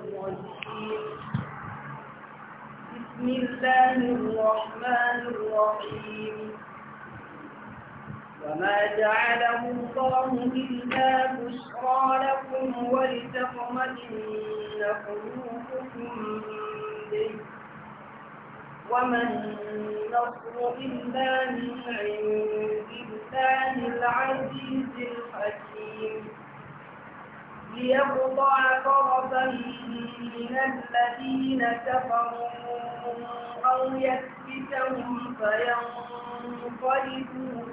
بسم الله الرحمن الرحيم وما جعله الله إلا بشرى لكم ولتطمئن قلوبكم به وما النصر إلا من عند الله العزيز الحكيم ليقطع طرفا من الذين كفروا أو يكبتهم فينقلبوا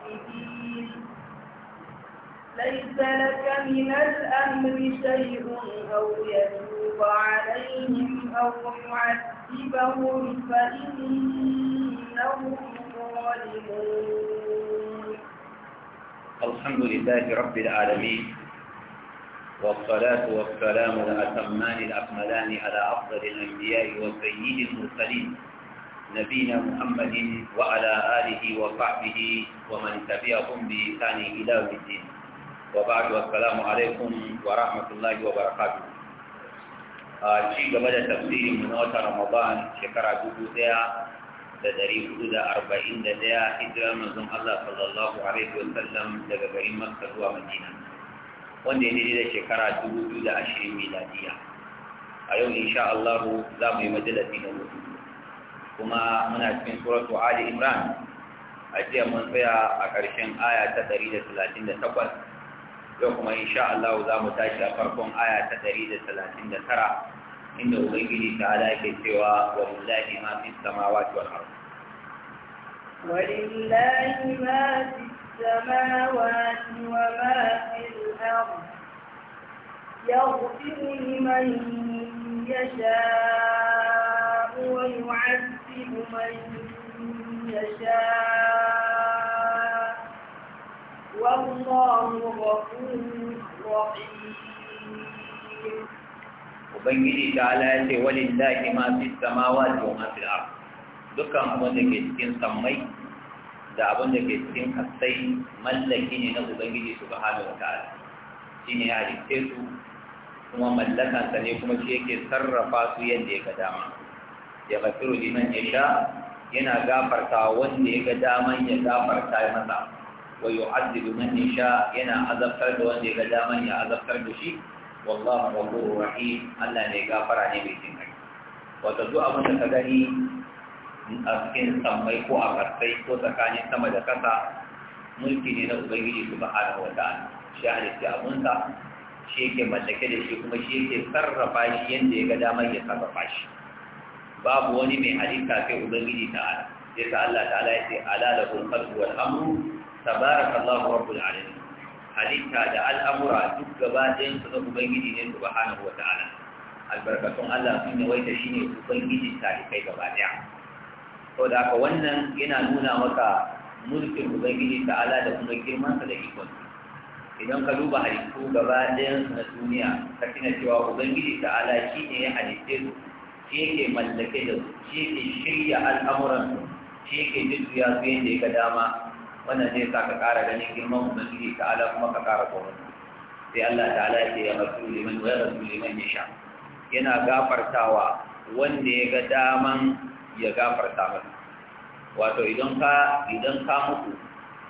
خائبين ليس لك من الأمر شيء أو يتوب عليهم أو يعذبهم فإنهم ظالمون الحمد لله رب العالمين والصلاة والسلام الأتمان الأكملان على أفضل الأنبياء وسيد المرسلين نبينا محمد وعلى آله وصحبه ومن تبعهم بإحسان إلى يوم الدين وبعد والسلام عليكم ورحمة الله وبركاته ci gaba da tafsirin mu na watan Ramadan shekara dubu ɗaya da dari hudu da arba'in da daya hijira manzon Allah sallallahu alaihi wa sallam daga garin Makka zuwa Madina wanda ya daidai da shekara dubu biyu da ashirin miladiya a yau insha Allah za mu yi majalasi na mutu. kuma muna cikin suratu Ali Imran a jiya mun tsaya a ƙarshen aya ta ɗari da talatin da takwas yau kuma insha Allah za mu tashi a farkon aya ta ɗari da talatin da tara إن أغيبه تعالى كالسوى ولله ما في السماوات والأرض ولله ما في السماوات وما في الأرض يغفر لمن يشاء ويعذب من يشاء والله غفور رحيم ubangiji ta ala ya ce walillahi ma fi samawati wa ma fi al dukkan abin da ke cikin sammai da abin da ke cikin kasai mallaki ne na ubangiji subhanahu wa ta'ala ne ya rike su kuma mallakansa ne kuma shi yake sarrafa su yadda ya ga dama ya firu liman ya sha yana gafarta wanda ya ga daman ya gafarta masa wa yu'adhibu man yasha yana azabtar da wanda ya ga daman ya azabtar da shi wallahu ghafurur rahim Allah ne gafara ne mai jin kai wato duk abin da ka gani a cikin sammai ko a karsai ko tsakanin sama da kasa mulki ne na ubangiji subhanahu wa ta'ala shi halitta abunsa shi yake mallake da shi kuma shi yake sarrafa shi yadda ya ga damar ya sarrafa shi babu wani mai halitta sai ubangiji ta'ala sai ta Allah ta'ala ya ce ala lahu al-khalqu wal amru tabarakallahu rabbul alamin halitta da al'amura duk gaba ɗayan su na ubangiji ne su subhanahu wa ta'ala albarkatun Allah sun yi shi ne yawaita shine ubangiji kai gaba ɗaya da aka wannan yana nuna maka mulkin ubangiji ta'ala da kuma girmansa da ikon idan ka duba halittu gaba ɗayan su na duniya ka tuna cewa ubangiji ta'ala shi ne ya halitte su shi yake mallake da su shi yake shirya al'amuransu, shi yake jujjuya su yadda ya ga dama wannan zai sa ka ƙara ganin girman ubangiji ta'ala kuma ka ƙara tsoron sai Allah ta'ala ce ya rasu liman ya rasu liman ya sha yana gafartawa wanda ya ga daman ya gafarta masa wato idan ka idan ka mutu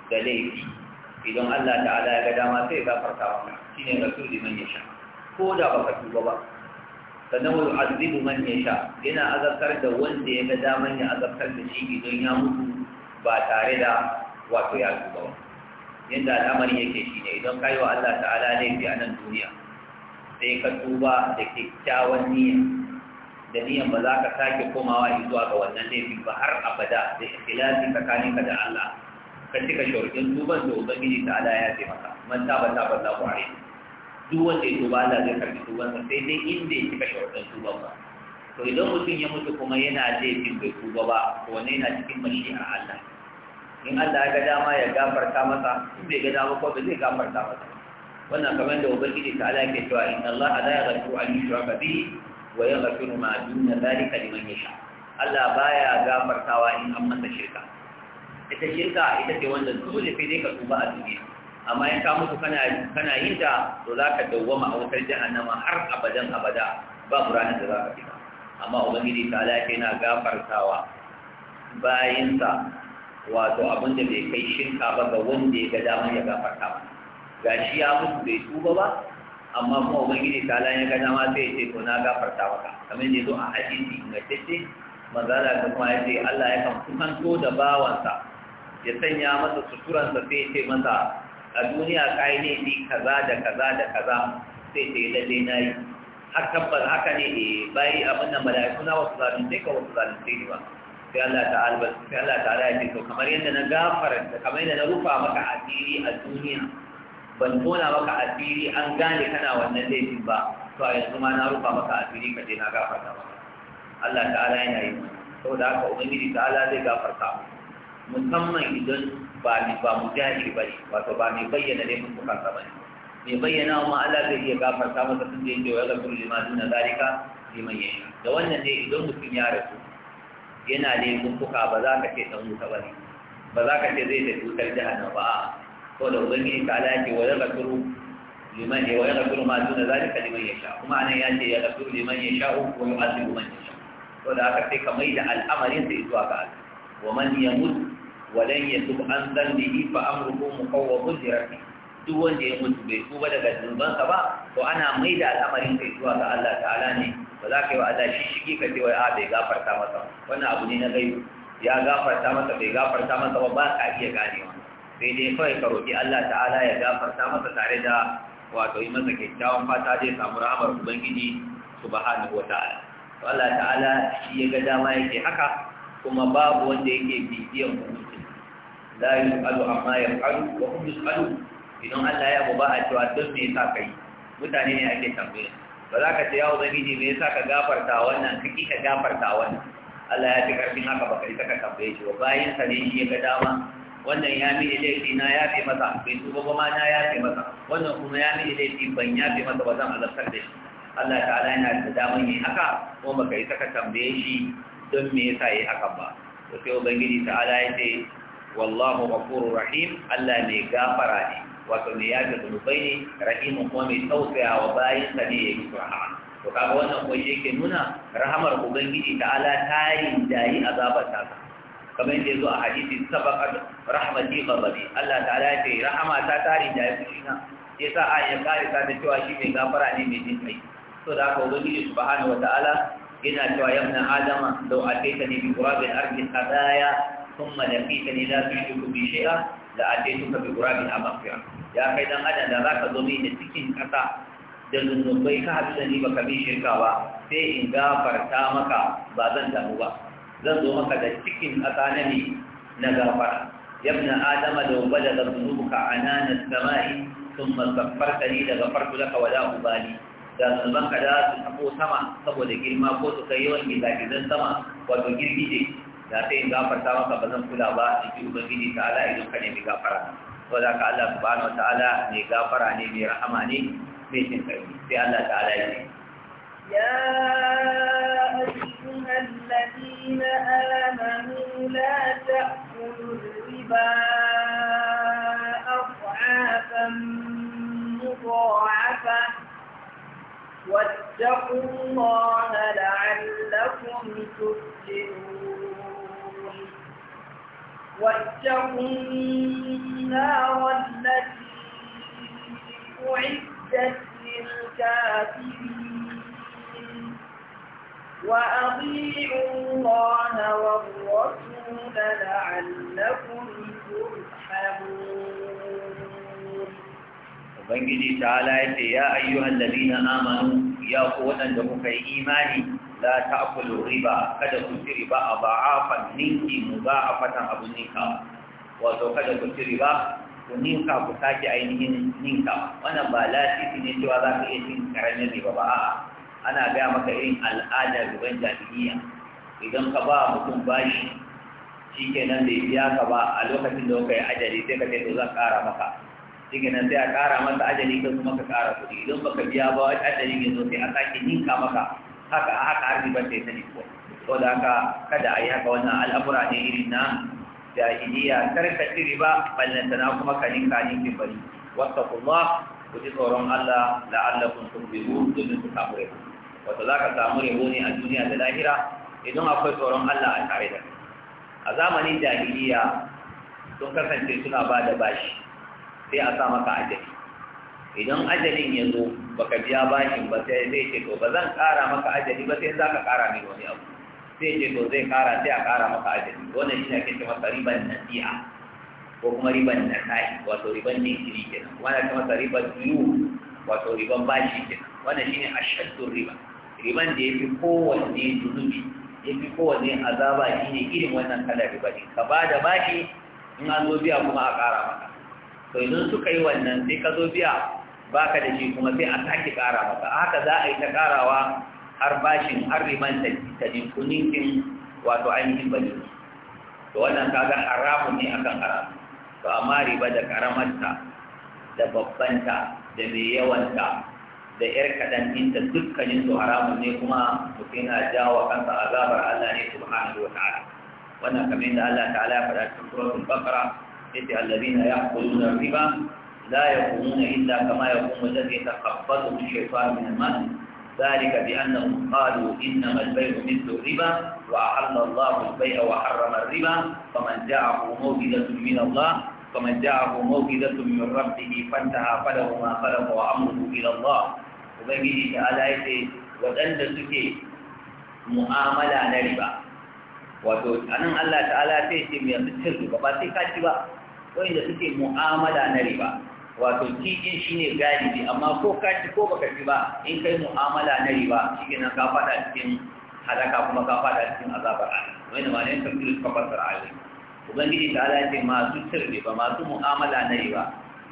da laifi idan Allah ta'ala ya ga dama sai ya gafarta maka shine rasu liman ya sha ko da baka tuba ba sannan wa yu'azzibu man yasha yana azabtar da wanda ya ga daman ya azabtar da shi idan ya mutu ba tare da wato ya tuba wani. yadda al'amarin yake shi ne idan kayo wa Allah ta'ala laifi a nan duniya sai ka tuba da kyakkyawan niyya da niyyan ba za ka sake komawa zuwa ga wannan laifin ba har abada da ikhlasi tsakaninka da Allah ka cika sharuɗin tuban da ubangiji ta'ala ya ce maka man ba za ku are duk wanda ya tuba Allah zai karbi tubansa sai dai inda ya cika sharuɗin tuban ba to idan mutum ya mutu kuma yana laifin bai tuba ba to wannan yana cikin a Allah in Allah ya ga dama ya gafarta masa in bai ga dama ko ba zai gafarta masa wannan kamar da ubangiji ta ala ke cewa in Allah la yaghfiru an yushraka bihi wa yaghfiru ma duna dhalika liman yasha Allah baya gafartawa in an masa shirka ita shirka ita ce wanda dole sai dai ka tuba a duniya amma in ka mutu kana kana yin ta to za ka dawwama a wutar jahannama har abadan abada babu ranar da za ka fita amma ubangiji ta ala yana na gafartawa bayinsa wato abin da bai kai shirka ba ga wanda ya ga dama ya gafarta ba ga shi ya mutu bai tuba ba amma kuma ubangiji ta ya ga dama sai ya ce to na gafarta maka kamar ne zo a hadisi ingantacce manzala da kuma ya ce Allah ya kan kusanto da bawansa ya sanya masa suturansa sai ya ce masa a duniya ka yi ni kaza da kaza da kaza sai yi lalle na yi har tabbas haka ne E, abin nan mala'iku na wasu zalunce ka wasu zalunce ne ba sai Allah ta'ala ba sai Allah ta'ala ya ce to kamar yadda na gafarta kamar yadda na rufa maka asiri a duniya ban tona maka asiri an gane kana wannan laifin ba to a yanzu ma na rufa maka asiri ka je na gafarta maka Allah ta'ala yana yi saboda haka ubangiji ta'ala zai gafarta musamman idan ba ni ba mujahir bane wato ba mai bayyana laifin bukansa ne mai bayyana ma Allah zai iya gafarta masa tun da yake wa yaghfiru lima duna zalika liman yasha da wannan ne idan mutum ya rasu yana laifuka ba za ka ce ɗan wuta ba ne ba za ka ce zai da cutar jihar ba a ko da ubangiji ta ala yake wayar rasuru liman ya wayar rasuru ma za zalika liman ya sha kuma anan ya ce ya rasuru liman ya sha ko ya azu liman ya sha ko da aka sai ka mai da al'amarin sai zuwa ga Allah wa man yamut wa ya yatub an zan yi fa amruhu muqawwamun mun rabbih duk wanda ya mutu bai tuba daga zunubansa ba to ana mai da al'amarin kai zuwa ga Allah ta'ala ne ba za ka yi wa Allah shi shige ka ce wai a ah, bai gafarta masa wannan abu ne na gaibu ya gafarta masa bai gafarta masa ba ba ka iya gane wa sai dai kawai ka roƙi Allah ta'ala ya gafarta masa tare da wato yi masa kyakkyawan fata zai samu rahamar ubangiji subhanahu wa ta'ala to Allah ta'ala shi ya ga dama yake haka kuma babu wanda yake bibiyan hukunci la yusalu amma yafalu wa hum yusalu idan Allah ya abu a cewa don me yasa kai mutane ne ake tambaye ba za ka ce ya ubangiji me ya sa ka gafarta wannan kake ka gafarta wannan Allah ya fi ƙarfin haka ba kai saka tambaye shi ba bayan sa ne shi ya ga dama wannan ya mini laifi na ya fi masa bai tuba ba ma na ya fi masa wannan kuma ya mini laifi ban ya fi masa ba zan azabtar da shi Allah ta'ala yana da daman yi haka kuma baka yi saka tambaye shi don me ya sa yi haka ba to sai ubangiji ta'ala ya ce wallahu ghafurur rahim Allah mai gafara ne wato mai yafi zunubai ne rahimun kuma mai tausaya wa bayansa ne ya yi musu rahama to kaga wannan kuma yake nuna rahamar ubangiji ta ala tarin a azabar ta kamar yadda zo a hadisi sabaqat rahmati ghadabi Allah ta'ala ya ce rahama ta tarin na. kushina yasa a ya kare ta da cewa shi mai gafara ne mai jin kai to da haka ubangiji subhanahu wataala yana cewa ya ibn adama law ataitani bi qurabil ardi khadaya thumma laqitani la ko bi shay'a da addai tuka bi gurabin a mafiyar ya kai dan adam da za ka zo mai da cikin kasa da zunubai ka haɗu da ni ba ka bi shirka ba sai in gafarta maka ba zan damu ba zan zo maka da cikin kasa na ne na gafara na adama da daga da zunubuka a nanar sama'i sun ka ni da gafartu laka wala ubali da zunubanka da su tafo sama saboda girma ko su kai yawan gizagizan sama wato girgije ذات ان کا پرتاوا کا بزم کلا با کی بغیر تعالی ایلو کنے نگا پران خدا کا اللہ سبحانہ وتعالی نگا پرانی بھی رحمانی بے شک ہے کہ اللہ تعالی یا ايها الذين امنوا لا تاكلوا الربا اضعافا مضاعفه واتقوا الله لعلكم تفلحون واتقوا النار التي أعدت للكافرين وأطيعوا الله والرسول لعلكم ترحمون وبنجي تعالى يا أيها الذين آمنوا يا قوة لكم في إيماني la ta'kulu riba kada ku ci riba a ba'afan ninki fatan abun ninka wato kada ku ci riba ku ninka ku sake ainihin ninka wannan ba lasisi ne cewa za ka iya cin karamin riba ba ana gaya maka irin al'adar ruban jahiliya idan ka ba mutum bashi shi kenan bai biya ka ba a lokacin da kuka yi ajali sai ka ce to zan kara maka shi kenan sai a kara masa ajali ka kuma ka kara kuɗi idan baka biya ba ajali ne zo sai a sake ninka maka haka a haka arziki ban da sani ko ko da haka kada a yi haka wannan al'amura ne irin na jahiliya karka ba, riba na kuma ka kanin ninkin bari wattaqullah ku ji tsoron Allah la'allakum tuflihun domin ku samu rabo Wata za ka samu rabo ne a duniya da lahira idan akwai tsoron Allah a tare da a zamanin jahiliya sun kasance suna ba da bashi sai a sa maka ajali idan ajalin ya zo baka biya bashin ba sai zai ce to ba zan kara maka ajali ba sai za ka kara min wani abu sai ce to zai kara sai a kara maka ajali wannan shi ake ce masa riban nasi'a ko kuma riban nasa'i wato riban ne shiri nan kuma ana masa riban biyu wato riban bashi nan wannan ne ashaddu riba riban da ya fi kowanne zunubi fi kowanne azaba ne irin wannan kalar riba ne ka bada bashi in an zo biya kuma a kara maka to idan suka yi wannan sai ka zo biya ba ka da shi kuma sai a sake ƙara maka haka za a yi ta ƙarawa har bashin har riman ta jinkunin din wato ainihin bane to wannan kaga haramun ne akan haram to amma riba da karamarta da babbanta da mai yawanta da yar kaɗan ɗinta dukkanin su haramun ne kuma mutum yana jawo kansa azabar Allah ne subhanahu wa ta'ala wannan kamar yadda Allah ta'ala ya faɗa cikin suratul baqara yace allazina ya'kuluna riba لا يكونون إلا كما يكون الذي تقبله الشيطان من المال ذلك بأنهم قالوا إنما البيع مثل الربا وأحل الله البيع وحرم الربا فمن جاءه موجدة من الله فمن جاءه موجدة من ربه فانتهى فله ما خلق وأمره إلى الله وبيجي تعالى waɗanda suke mu'amala na riba wato anan Allah ta'ala sai ce mai yanzu cin riba ba sai ka ci ba wanda suke mu'amala na riba wato Kijin shi ne galibi amma ko kaci ko baka ci ba in kai mu'amala na riba shi ke ka faɗa cikin halaka kuma ka faɗa cikin azabar ala wani da malayin tafsir suka fassara ayoyi ubangiji ta ala masu cin ba masu mu'amala na riba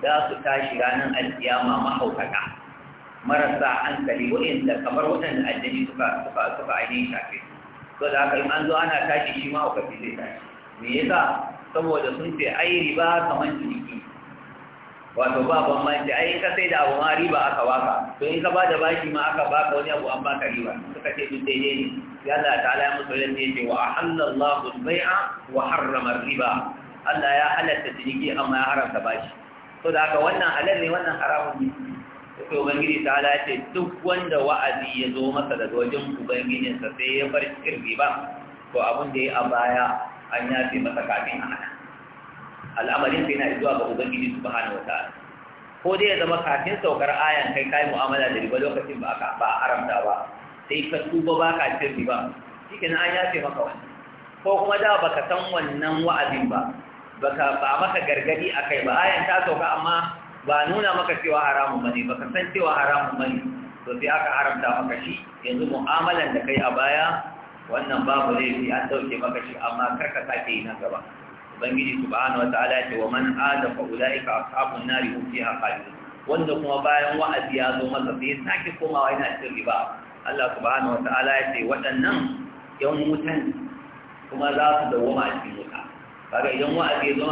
za su tashi ranar alkiyama mahaukaka marasa hankali da kamar waɗanda aljani suka suka suka ainihin shafe to da haka an zo ana tashi shi ma zai tashi me yasa saboda sun ce ai riba kamar jiki. wato ba bambanci ai ka sai da abu ma riba aka waka to in ka bada baki ma aka baka wani abu an baka riba suka ce duk daidai ne ya Allah ta'ala ya musu lalle ce wa ahalla Allahu al-bai'a wa harrama riba Allah ya halatta ciniki amma ya haramta bashi to da haka wannan halal ne wannan haramun ne sai ubangiji ta'ala ya ce duk wanda wa'azi ya zo masa daga wajen sa sai ya bar cikin riba to abin da ya a baya an yafe masa kafin a hana al'amarin sai yana zuwa ga ubangiji subhanahu wataala ko dai ya zama kafin saukar ayan kai kai mu'amala da riba lokacin ba ka ba haramta ba sai ka tuba ba ka cin riba shike na an ce maka wani. ko kuma da baka san wannan wa'azin ba ba ka ba maka gargadi a kai ba ayan ta sauka amma ba nuna maka cewa haramun bane ka san cewa haramun bane to sai aka haramta maka shi yanzu mu'amalan da kai a baya wannan babu laifi an dauke maka shi amma karka sake yi nan gaba ubangiji subhanahu wataala ce wa man ada fa ulaika ashabun nari hum fiha khalidun wanda kuma bayan wa'azi ya zo masa sai sake komawa yana cikin riba Allah subhanahu wataala ya ce waɗannan yan kuma za su dawoma a cikin wuta kaga idan wa'azi ya zo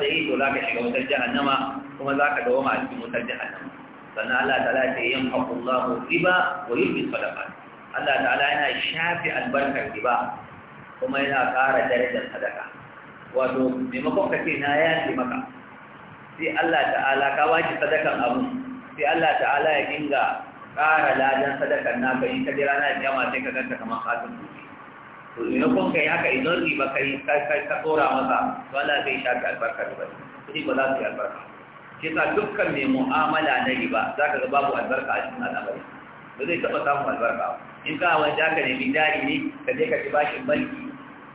da yi to za ka shiga wutar jahannama kuma za ka dawoma a cikin wutar jahannama sannan Allah ta'ala ya ce yamhaqullahu riba wa yurbi sadaqat Allah ta'ala yana shafi albarkar riba kuma yana ƙara darajar sadaka wato maimakon ka ce na ya maka sai Allah ta'ala ka baki sadakan abu sai Allah ta'ala ya dinga ƙara ladan sadakan naka yi ka jira na jama'a, sai ka ganta kamar katin kuɗi to maimakon ka yi haka idan riba ka yi ka tsora maka? to Allah zai shafi albarka riba kuɗi ba za su yi albarka shi sa dukkan mai mu'amala na riba za ka ga babu albarka a cikin al'amari ba zai taɓa samun albarka in ka wani za ka bi jari ne ka je ka ci bashin banki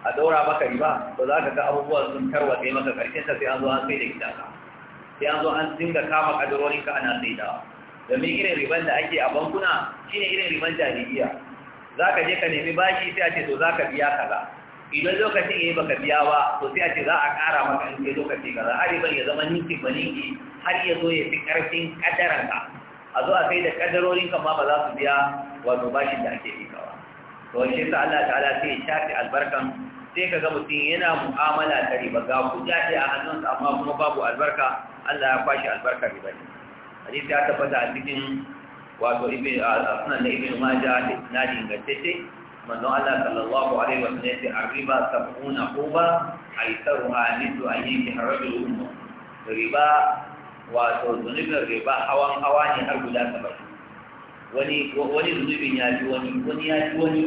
a daura maka riba to za ka ga abubuwan sun tarwatse maka karshen ta sai an zo an sai da gida ka sai an zo an dinga kama kadarorin ka ana sai da domin irin riban da ake a bankuna shine irin riban jami'iya za ka je ka nemi bashi sai a ce to za ka biya kaza idan lokacin ya yi baka biya ba to sai a ce za a ƙara maka in kai lokaci kaza har riban ya zama ninki ba ninki har ya zo ya fi ƙarfin ƙadaranka a zo a sai da ƙadarorin ka ma ba za su biya wato bashin da ake yi kawa to shi sa Allah ta'ala sai ya shafi albarkan sai ga mutum yana mu'amala ta riba ga ku ce a hannunsa amma kuma babu albarka Allah ya kwashi albarka riba ne hadisi ya tabbata a cikin wato ibn sunan da ibn majah da isnadi ingantacce manzo Allah sallallahu alaihi wa sallam ya ce arriba sab'una quba aitaruha mithlu ayyiki harajul umma riba wato zunubin riba hawan hawa ne har guda saba'in wani wani zunubin ya ji wani wani ya ji wani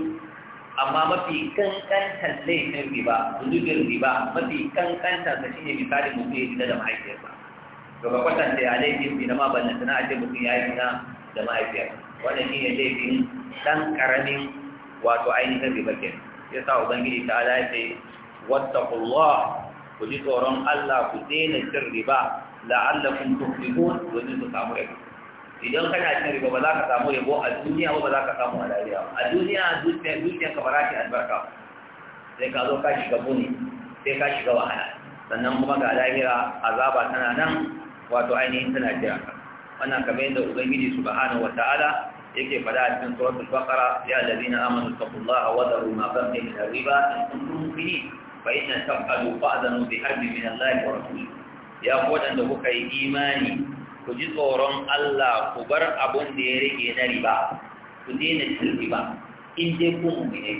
amma mafi kankantar laifin riba zunubin riba mafi kankanta da shine misali mutum ya fita da mahaifiyarsa to ga kwatanta ya laifin bi na maballanta na ajiye mutum ya yi fita da mahaifiyarsa wannan shine laifin dan karamin wato ainihin riba kenan ya sa ubangiji ta ala ya ce wattaqullah ku ji tsoron Allah ku daina cin riba la'allakum tuflihun domin su samu rabi idan kana cin riba ba za ka samu yabo a duniya ba za ka samu a dariya a duniya dukiyar ka ba za albarka sai ka zo ka shiga buni sai ka shiga wahala sannan kuma ga lahira azaba tana nan wato ainihin tana jira ka wannan kamar yadda ubangiji subhanahu wataala yake fada a cikin suratul baqara ya allazina amanu taqullaha wa dharu ma baqiya min riba in kuntum mu'minin fa inna taqadu fa'danu bi harbi min allahi wa rasulih ya ku da kuka yi imani ku ji tsoron Allah ku bar abun da ya rage na riba ku daina cin riba in dai ku mu'mine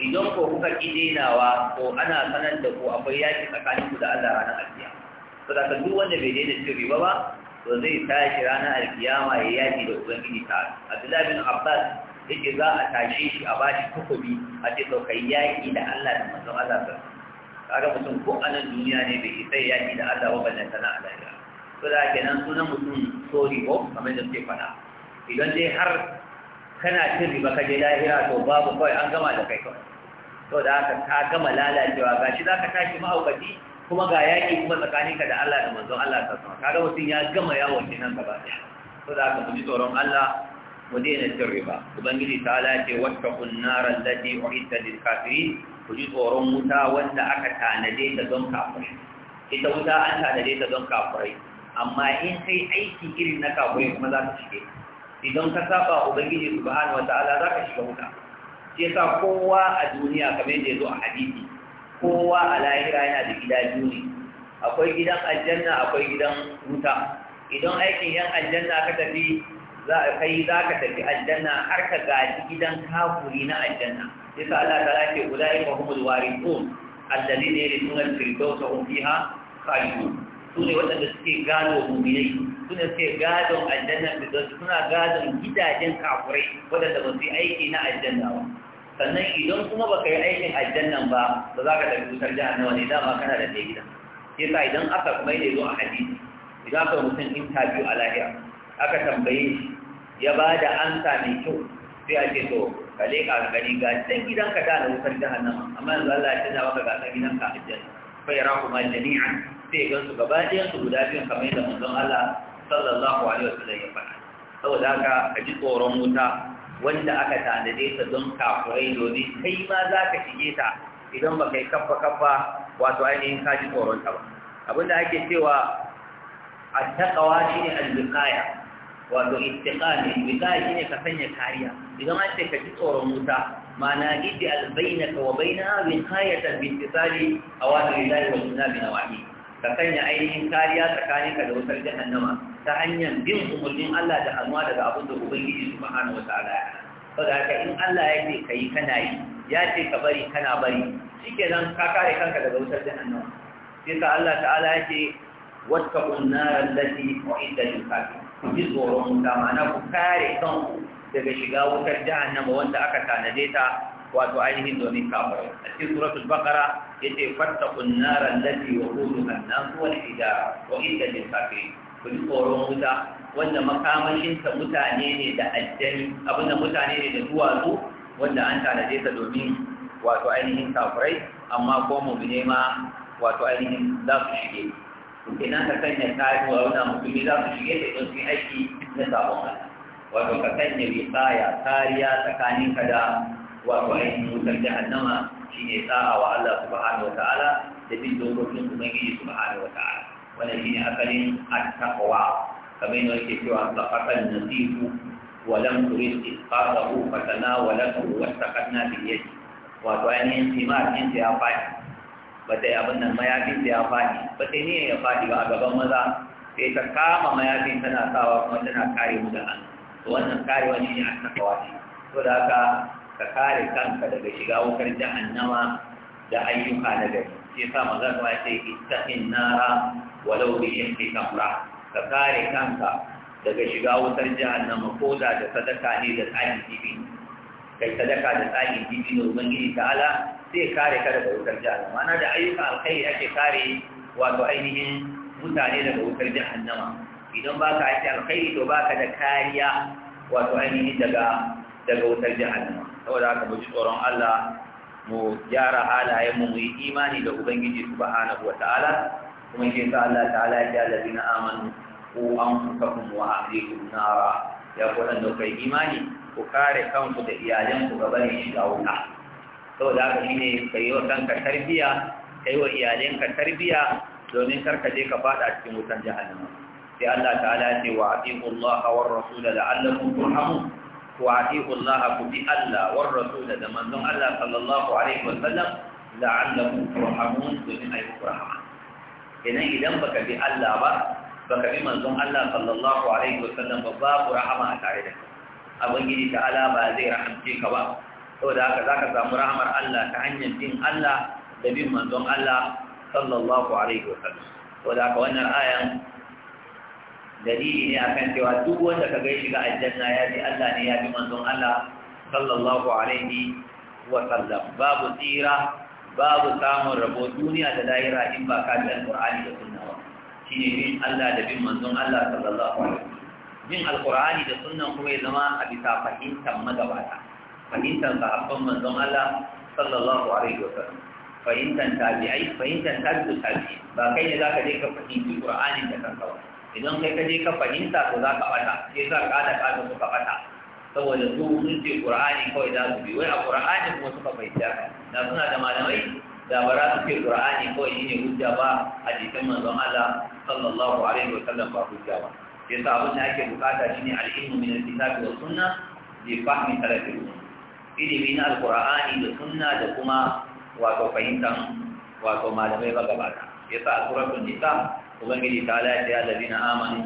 idan ko kuka ki dainawa to ana sanar da ku akwai yaki tsakanin ku da Allah ranar alkiya saboda duk wanda bai daina cin riba ba to zai tashi ranar alkiyama ya yaki da ubangiji ta Abdullahi bin Abbas yake za a tashe shi a bashi takobi a ce to kai yaki da Allah da manzon Allah sallallahu alaihi wasallam kaga mutum ko anan duniya ne bai isa yaki da Allah ba ballan sana'a da lahira to da kenan sunan mutum sori ko kamar da suke faɗa idan dai har kana cin riba ka je lahira to babu kawai an gama da kai kawai to da haka ka gama lalacewa shi za ka tashi ma'aukaci kuma ga yaƙi kuma tsakaninka da Allah da manzon Allah ta sama kaga mutum ya gama yawon kenan gaba ɗaya to da haka mu ji tsoron Allah mu daina cin riba ubangiji ta ala ce wattaqun nar allati uhiddat lil kafirin ku ji tsoron wuta wanda aka tanade ta don kafirai ita wuta an tanade ta don kafirai amma in kai aiki irin na kafirai kuma za ka shige idan ka saba ubangiji subhanahu wataala za ka shiga wuta shi yasa kowa a duniya kamar yadda ya zo a hadisi kowa a lahira yana da gida biyu akwai gidan aljanna akwai gidan wuta idan aikin yan aljanna ka tafi kai za ka tafi aljanna har ka gaji gidan kafuri na aljanna yasa Allah ta lafi ulai fa humul warithun alladhina yarithuna al-firdaws hum fiha khalidun sune ne waɗanda suke gado mummunai suna suke gadon aljanna fitarsu suna gadon gidajen kafurai waɗanda ba su yi aiki na aljanna ba sannan idan kuma ba ka yi aikin aljannan ba ba za ka tafi wutar nawa ne dama kana da ɗaya gida yasa idan aka kuma yi zo a hadisi idan aka mutum interview a lahiya, aka tambaye shi ya ba da amsa mai kyau sai a ce to ka leƙa gani ga can gidanka da na wutar jahannama amma yanzu Allah ya canza maka ga gidanka aljanna fa yarahu ma jami'an sai gan su gaba ɗaya su guda biyun kamar yadda mutum Allah sallallahu alaihi wasallam ya faɗa saboda haka ka ji tsoron wuta wanda aka tanade ta don kafurai domin kai ma za ka shige ta idan ba kai kaffa kaffa wato ainihin ka ji tsoron ta ba abinda ake cewa a taƙawa shine ne wiqaya wato istiqami shi shine ka sanya kariya idan an ce ka ji tsoron wuta ma'ana idi ka wa bainaha wiqayatan a wani awamirillahi wa na nawahi ka sanya ainihin kariya tsakaninka da wutar jahannama ta hanyar bin umarnin Allah da hannuwa daga abin da Ubangiji subhanahu wa ta'ala ya hana haka in Allah ya ce ka yi kana yi ya ce ka bari kana bari nan ka kare kanka daga wutar jahannama sai ka Allah ta'ala ya ce wattaqun nar wa u'iddat lil ku ji tsoron wuta ma'ana ku kare kanku daga shiga wutar jahannama wanda aka tanade ta wato ainihin domin kafirai a cikin suratul baqara yace fattaqun nar allati waquduha an-nas wal hijara wa idda lil kafirin ku ji tsoron wuta wanda makamashin ta mutane ne da addani abinda mutane ne da duwatsu wanda an tanade ta domin wato ainihin kafirai amma ko mu bi nema wato ainihin za su shige kenan ka sanya kayan wa wannan musulmi za su shige ta don su aiki na sabon Allah wato ka sanya wiqaya kariya tsakaninka da wato ainihin wutar jahannama shi ne sa'a wa Allah subhanahu wa ta'ala da bin dokokin ubangiji subhanahu wa ta'ala wannan shine asalin at-taqwa kamar yadda yake cewa safaqan nasifu wa lam turid isqatahu fatana wa lahu wastaqadna bi yadi wato ainihin simar din ya fadi Ba dai abin nan mayafin ya fadi bata ne ya fadi ba a gaban maza sai ta kama mayafin tana sawa kuma tana kare mu da hannu to wannan karewa ne a takawa ce to da haka ka kare kanka daga shiga wukar jahannama da ayyuka na gari shi sa manzon Allah ya ce ittaqin nara walau bi shakki kamra? ka kare kanka daga shiga wutar jahannama ko da da sadaka ne da tsayin dibino kai sadaka da tsayin dibino ta ala zai kare ka daga wutar jahannama ana da ayyuka alkhairi ake kare wato ainihin mutane daga wutar jahannama idan ba baka aiki alkhairi to baka da kariya wato ainihin daga daga wutar jahannama saboda haka mu ji tsoron Allah mu gyara halayen mu mu yi imani da ubangiji subhanahu wataala kuma shi yasa Allah ta'ala ya na amanu ku anfusakum wa ahlikum nara ya ku dan da kai imani ku kare kanku da iyalan ku gaba ne shiga wuta saboda haka shine kai wa kanka tarbiya kai wa iyalanka tarbiya domin karka je ka fada cikin wutar jahannama sai Allah ta'ala ya ce wa atiqu Allah wa rasula la'allakum turhamun wa atiqu Allah ku bi Allah war rasul da manzon Allah sallallahu alaihi wa sallam la'allakum turhamun domin ayi rahama kenan idan baka bi Allah ba baka bi manzon Allah sallallahu alaihi wa sallam ba babu rahama a tare da kai abangiji ta ala ba zai rahamce ka ba saboda haka zaka samu rahamar Allah ta hanyar bin Allah da bin manzon Allah sallallahu alaihi wa sallam saboda haka wannan ayan dalili ne akan cewa duk wanda ka gaishe ga aljanna ya ji Allah ne ya bi manzon Allah sallallahu alaihi wa sallam babu tsira babu samun rabo duniya da lahira in ba ka bi alqur'ani da sunna ba shine bin Allah da bin manzon Allah sallallahu alaihi wa sallam bin alqur'ani da sunnan kuma ya zama a bisa fahimtar magabata fahimtar sahabban manzon Allah sallallahu alaihi wa sallam fahimtar tabi'ai fahimtar tabi'u tabi'i ba kai ne zaka je ka fahimci qur'ani da kanka ba idan kai ka je ka fahimta to za ka bata sai za ka da kaza ka bata saboda su sun ce qur'ani kawai za su bi wai a qur'ani kuma suka fahimci haka da suna da malamai da ba za su ce qur'ani kawai shine hujja ba a jikin manzon Allah sallallahu alaihi wa sallam ba hujja ba sai sa abin da ake bukata shine al-ilmu min al-kitabi wa sunnah bi fahmi talabi ilimi na al-qur'ani da sunna da kuma wato fahimtan wato malamai ba gabata sai sa suratul nisa ubangiji ta ala ya amani. amanu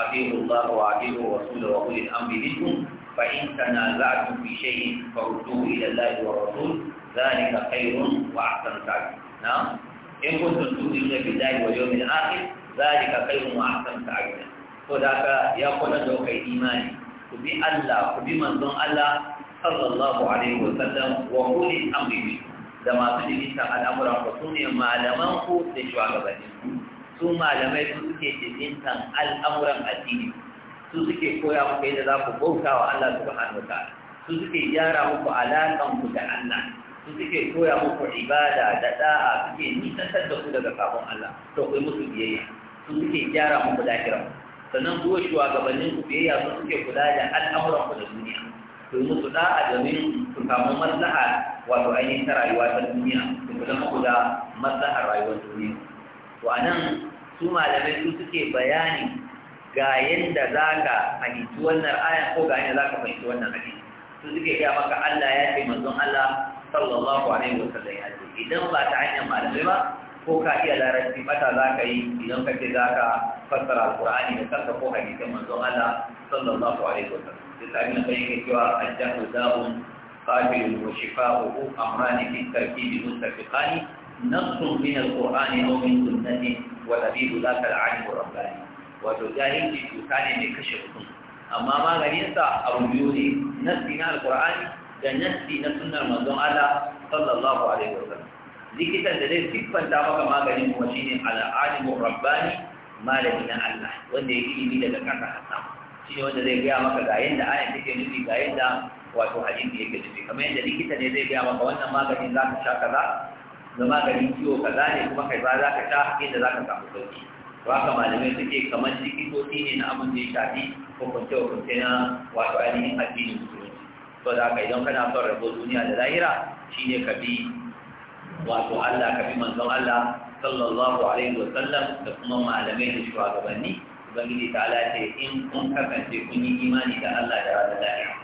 aqimu Allah wa aqimu rasulahu wa ulil amri minkum fa in tanaza'tum fi shay'in farudduhu ila Allah wa rasul dhalika khairun wa ahsanu ta'wila na'am in kuntum wa billahi wal yawmil akhir dhalika khairun wa ahsanu ta'wila to da ka ya kula da kai imani ku bi Allah ku bi manzon Allah sallallahu alaihi wa sallam wa ulil amri da masu jibinta al'amuran ku sune malaman ku da shugabannin su malamai su suke jibintan al'amuran addini su suke koya muku yadda za ku bauta wa Allah subhanahu wataala su suke gyara muku alaƙan ku da Allah su suke koya muku ibada da da'a suke nisantar da ku daga kafin Allah to kai musu biyayya su suke gyara muku lahiran sannan kuwa shugabannin ku biyayya su suke kula da al'amuran ku da duniya ku musu da'a domin su samu maslaha wato ainihin ta rayuwa ta duniya ku kula muku da maslahar rayuwar duniya Wannan su malamai su suke bayani ga yanda za ka fahimci wannan aya ko ga yanda za ka fahimci wannan hadisi su suke gaya maka Allah ya ce manzon Allah sallallahu alaihi wa sallam ya ce idan ba ta hanyar malamai ba ko ka iya larabci mata za ka yi idan ka ce za ka fassara alqur'ani da kanka ko hadisin manzon Allah sallallahu alaihi wa sallam sai ta ina bayyana cewa ajjahu da'un qabilun wa shifa'uhu amrani fi tarkibi mustafiqani نص من القرآن أو من سنة والأبيب ذاك العالم الرباني وتجاهل في كتان لكشف أما ما غريسة أو يوني نص من القرآن da nassi na sunnar manzon Allah sallallahu alaihi wasallam likitan da zai siffanta maka maganin kuma shine al'alimu rabbani malami na Allah wanda ya ilimi daga kasa hasa shine wanda zai gaya maka ga yadda aya take nufi ga yadda wato hadisi yake nufi kamar yadda likita ne zai gaya maka wannan maganin zaka sha kaza da maganin ciwo kaza ne kuma kai ba za ka sha inda za ka samu sauƙi. Ba ka malamai suke kamar likitoci ne na abin da ya shafi ko kwance wa kwance na wato ainihin addinin musulunci to da haka idan kana son rabo duniya da lahira shine ka bi wato Allah ka bi manzon Allah sallallahu alaihi wa sallam da kuma malamai da shugabanni ubangiji ta ala ce in kun kasance kun yi imani da Allah da ranar lahira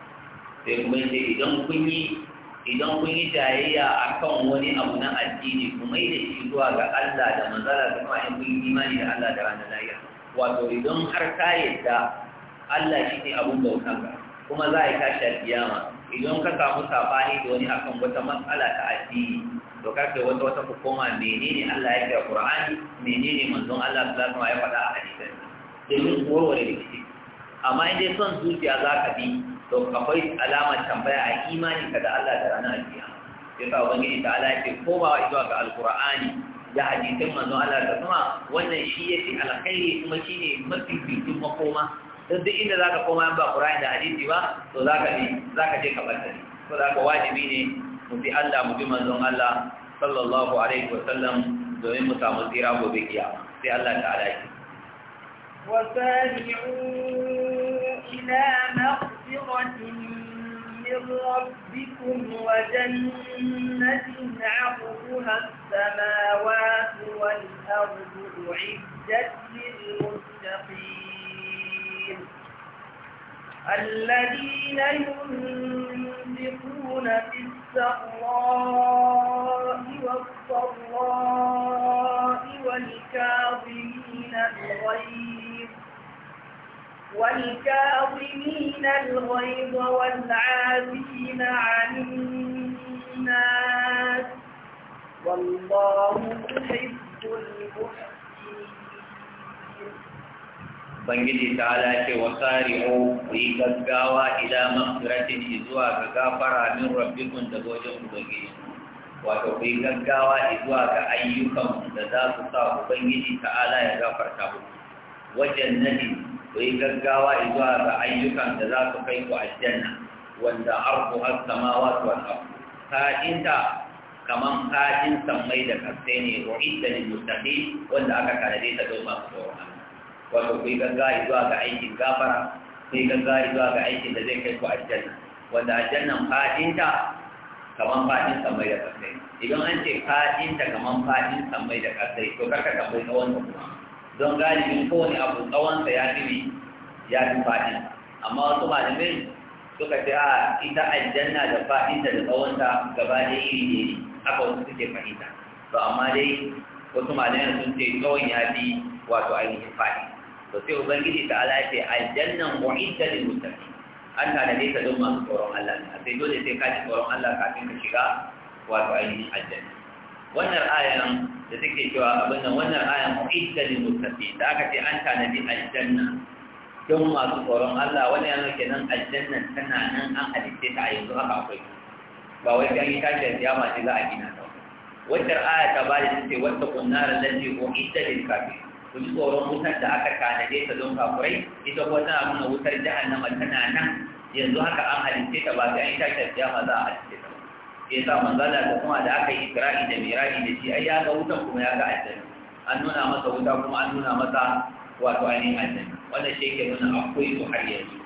sai kuma ce idan kun yi idan kun yi jayayya a kan wani abu na addini ku mai da shi zuwa ga Allah da manzara da kuma in yi imani da Allah da ranar lahira wato idan har ka yadda Allah shi ne abun bautan ka kuma za a yi tashi kiyama idan ka samu sabani da wani akan wata matsala ta addini to karfe wata wata ku koma menene Allah ya kira Qur'ani menene manzon Allah sallallahu alaihi wasallam ya faɗa a hadisin domin wani rikici amma in dai son zuciya za ka bi to akwai alamar tambaya a imani ka da Allah da ranar kiyama sai ka ubangiji ta ala ce komawa zuwa ga alqur'ani ya hadisin manzon Allah da kuma wannan shi ya yace alkhairi kuma shi ne mafi fitin makoma dan duk inda ka koma in ba qur'ani da hadisi ba to za ka je ka barta ne za zaka wajibi ne mu bi Allah mu bi manzon Allah sallallahu alaihi wa sallam domin mu samu tsira gobe kiyama sai Allah ta'ala ya وسارعوا إلى مغفرة مغفرة من ربكم وجنة عرضها السماوات والأرض أعدت للمتقين الذين ينفقون في السراء والضراء والكاظمين الغيظ والكاظمين الغيظ والعافين عن الناس والله يحب المحسنين Bangiji ta lace wa tsari'o ku yi gaggawa ila mafiratin zuwa ga gafara min rabbikun da gojin ubangiji wato ku yi gaggawa izuwa ga ayyukan da za su sa ubangiji ta'ala ya gafarta ku wajen nadin ku yi gaggawa zuwa ga ayyukan da za su kai ku aljanna wanda arku har wasu wal ardh ka'inta kaman ka'in sammai da kasai ne wa idda ne mutane wanda aka kalade ta don masu tsoron wato ku yi gaggawa zuwa ga aikin gafara ku yi gaggawa zuwa ga aikin da zai kai ku aljanna wanda aljannan ka'inta kaman fadin sammai da kasai idan an ce ka'inta kaman fadin sammai da kasai to karka tambayi na wanda kuma don galibin kowane abu tsawonsa ya fi ne ya fi faɗi amma wasu malamai suka ce a ita aljanna da faɗinta da tsawonta gaba da iri ne haka wasu suke fahimta to amma dai wasu malamai sun ce tsawon ya fi wato ainihin faɗi to sai ubangiji ta ala ce aljannan mu'idda lil muttaqin an ta ne ta don masu tsoron Allah ne sai dole sai ka ji tsoron Allah kafin ka shiga wato ainihin aljanna wannan ayan da suke cewa abin nan wannan ayan mu'idda lil muttaqin da aka ce an tanadi aljanna don masu tsoron Allah wani yana kenan aljanna tana nan an halitta ta yanzu haka akwai ba wai ga ita ce kiyama ce za a gina ta wannan aya ta bada take wata kunnar lati mu'idda lil kafir ku ji tsoron wutar da aka tanade ta don kafirai ita ko tana nuna wutar jihar jahannama tana nan yanzu haka an halitta ta ba sai an tashi kiyama za a halitta ya sa manzala da kuma da aka yi ikra'i da miraji da shi ai ya ga wutan kuma ya ga aljanna an nuna masa wuta kuma an nuna masa wato ainihin aljanna wannan shi ke nuna akwai su har yanzu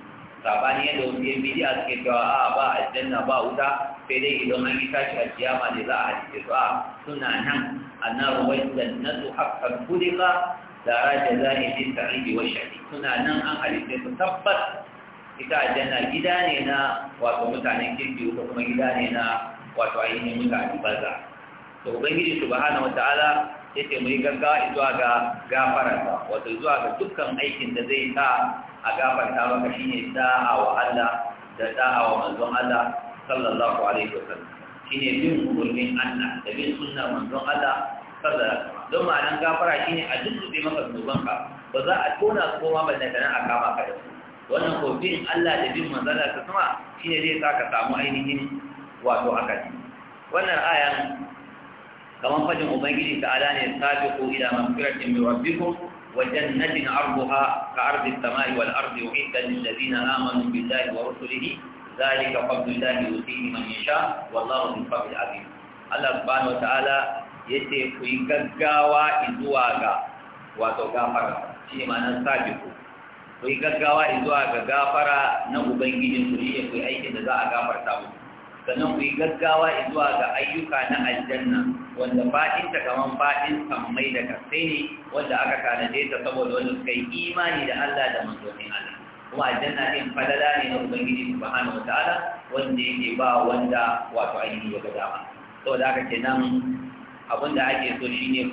sabani yadda wasu yan bidiya suke cewa a ba aljanna ba wuta sai dai idan an yi tashi a kiyama ne za a halitta su a suna nan annaru wai jannatu haqqan kulika da jaza'i lil ta'ibi wa shadi suna nan an halitta su tabbas ita aljanna gida ne na wato mutanen kirki ko kuma gida ne na wato ainihin muka baza to ubangiji subhanahu ya ce mu yi gaggawa zuwa ga gafararsa wato zuwa ga dukkan aikin da zai sa a gafarta maka shine da'a wa Allah da da'a wa manzon Allah sallallahu alaihi wa wasallam shine bin umarnin Allah da bin sunnar manzon Allah sallallahu alaihi sallam don ma'anar gafara shine a duk zube maka zubanka ba za a tona kowa koma ba da nan a kama ka da su wannan ko bin Allah da bin manzon Allah ta sama shine zai sa ka samu ainihin wato akali wannan aya kamar fadin ubangiji ta ala ne sabiqu ila magfiratin min rabbikum wa jannatin arduha ka ardi samai wal ardi uiddat lil ladina amanu billahi wa rusulihi zalika fadlu llahi yutihi man yasha wallahu dhul fadli azim Allah subhanahu wa ta'ala yace ku yi gaggawa zuwa ga wato gafara shi ne ma'anar sabiqu ku yi gaggawa izuwa ga gafara na ubangijin ku shi ne ku yi aikin da za a gafarta muku sannan ku yi gaggawa zuwa ga ayyuka na aljanna wanda fa'in ta kaman fa'in samai da kasai ne wanda aka tanade ta saboda wanda suka yi imani da Allah da manzoni Allah kuma aljanna ɗin falala ne na ubangiji subhanahu ta'ala wanda yake ba wanda wato ainihi ya ga dama saboda haka nan abin da ake so shine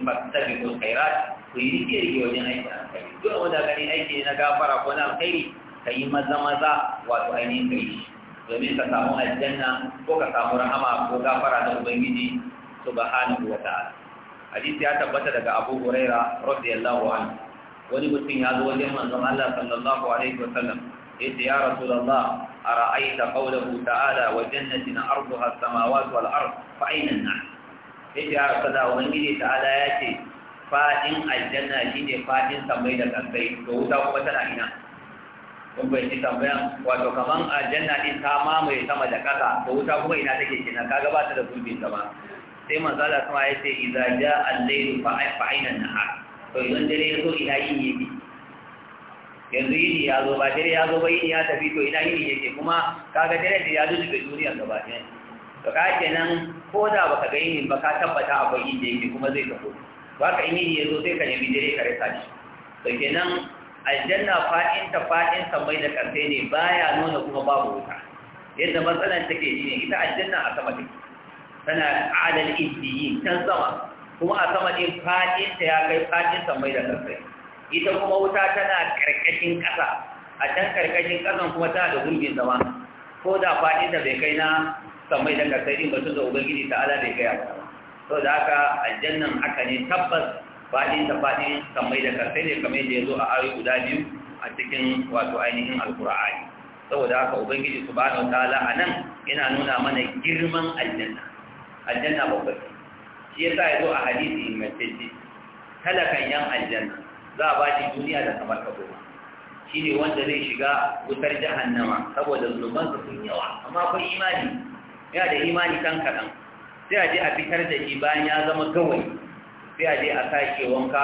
ko khairat ku yi rike rike wajen aiki alkhairi duk wanda gani aiki na gafara ko na alkhairi ka yi maza maza wato ainihin kai shi domin ka samu aljanna ko ka samu rahama ko gafara da ubangiji subhanahu wa ta'ala hadisi ya tabbata daga Abu Huraira radiyallahu anhu wani mutum ya zo wajen manzon Allah sallallahu alaihi wa sallam yace ya rasulullah ara'aita qawluhu ta'ala wa jannatin arduha as-samawati wal ard fa ayna an-nar yace ya rasulullah ubangiji ta'ala yace fadin aljanna shine fadin samai da kansai, to wuta kuma tana ina Kuma bai ci tambaya wato kaman aljanna din ta mamaye sama da kasa ko wuta kuma ina take kenan ka ba ta da gurbin ta ba sai manzo Allah sama ya ce idza ja al-layl fa aina an-nahar to idan dare ya zo ina yin yini yanzu yini ya zo ba dare ya zo ba yini ya tafi to ina yini yake kuma kaga dare da ya zo daga duniya gaba ɗaya to ka kenan ko da baka ga yini ba ka tabbata akwai yini yake kuma zai tafi ba ka yini ya zo sai ka nemi dare ka rasa shi to kenan aljanna fa'in ta fa'in mai da ƙarfe ne baya nuna kuma babu wuta yadda matsalar take shi ne ita aljanna a sama take tana adal ibdiyi can sama kuma a sama din fa'in ta ya kai fa'in mai da ƙarfe ita kuma wuta tana karkashin ƙasa a can karkashin ƙasan kuma tana da gurbin zama ko da fa'in ta bai kai na mai da ƙarfe din ba tun da ubangiji ta'ala bai kai a sama to da haka aljannan haka ne tabbas faɗi da faɗi kamar da karfe ne kamar da ya zo a ayoyi guda biyu a cikin wato ainihin alkur'ani saboda haka ubangiji su wata ala a nan yana nuna mana girman aljanna aljanna babbar shi sa ya zo a hadisi ingantacce talakan yan aljanna za a ba shi duniya da kamar ka goma shi ne wanda zai shiga wutar jahannama saboda zunubansa sun yawa amma akwai imani yana da imani kan kaɗan sai a je a fitar da shi bayan ya zama gawayi sai a je a sake wanka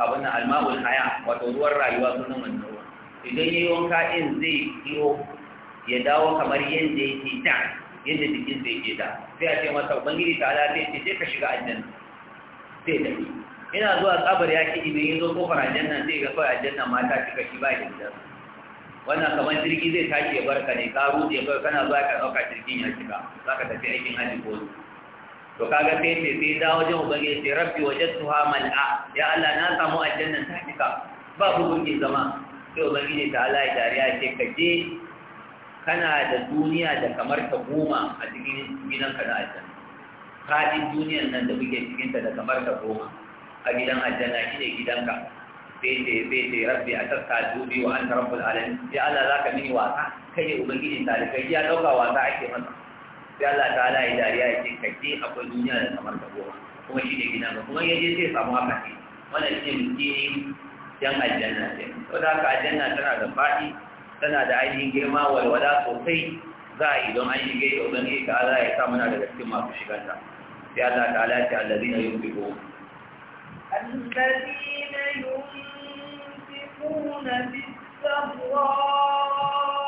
abin almabul haya wato ruwan rayuwa sun nan wani ruwa idan yi wanka in zai iyo ya dawo kamar yadda ke da yadda jikin zai ke da sai a ce masa ubangiji ta ala sai ce sai ka shiga aljanna sai da ina zuwa tsabar ya ke ibe yin zo kofar aljanna sai ga kawai aljanna mata cika shi ba gidan wannan kamar jirgi zai tashi ya barka ne ka ruje kawai kana zuwa ka ɗauka jirgin ya shiga za ka tafi aikin hajji ko to kaga sai ce sai da wajen ubangiji sai rabbi wajadtuha mal'a ya Allah na samu aljanna ta hakika ba bugun zama sai ubangiji ta Allah ya dariya ce kaje kana da duniya da kamar ta goma a cikin gidanka na aljanna fadin duniyar nan da muke cikin ta da kamar ta goma a gidan aljanna shine gidanka sai ce sai ce rabbi a tafka dubi wa anta rabbul alamin ya Allah zaka mini wasa kai ubangiji talibai ya dauka wasa ake masa sai Allah ta ala ya dariya ya ce kace akwai duniya da kamar ta kowa, kuma shi ne gina ba kuma yaje sai samu haka ce, wannan shi ne miskini yan aljanna ce saboda haka aljanna tana da fadi tana da ainihin girma walwala sosai za a yi don an shige da ubangiji ta ala ya sa muna daga cikin masu shiganta sai Allah ta ala ya ce allazina na الذين ينفقون في السراء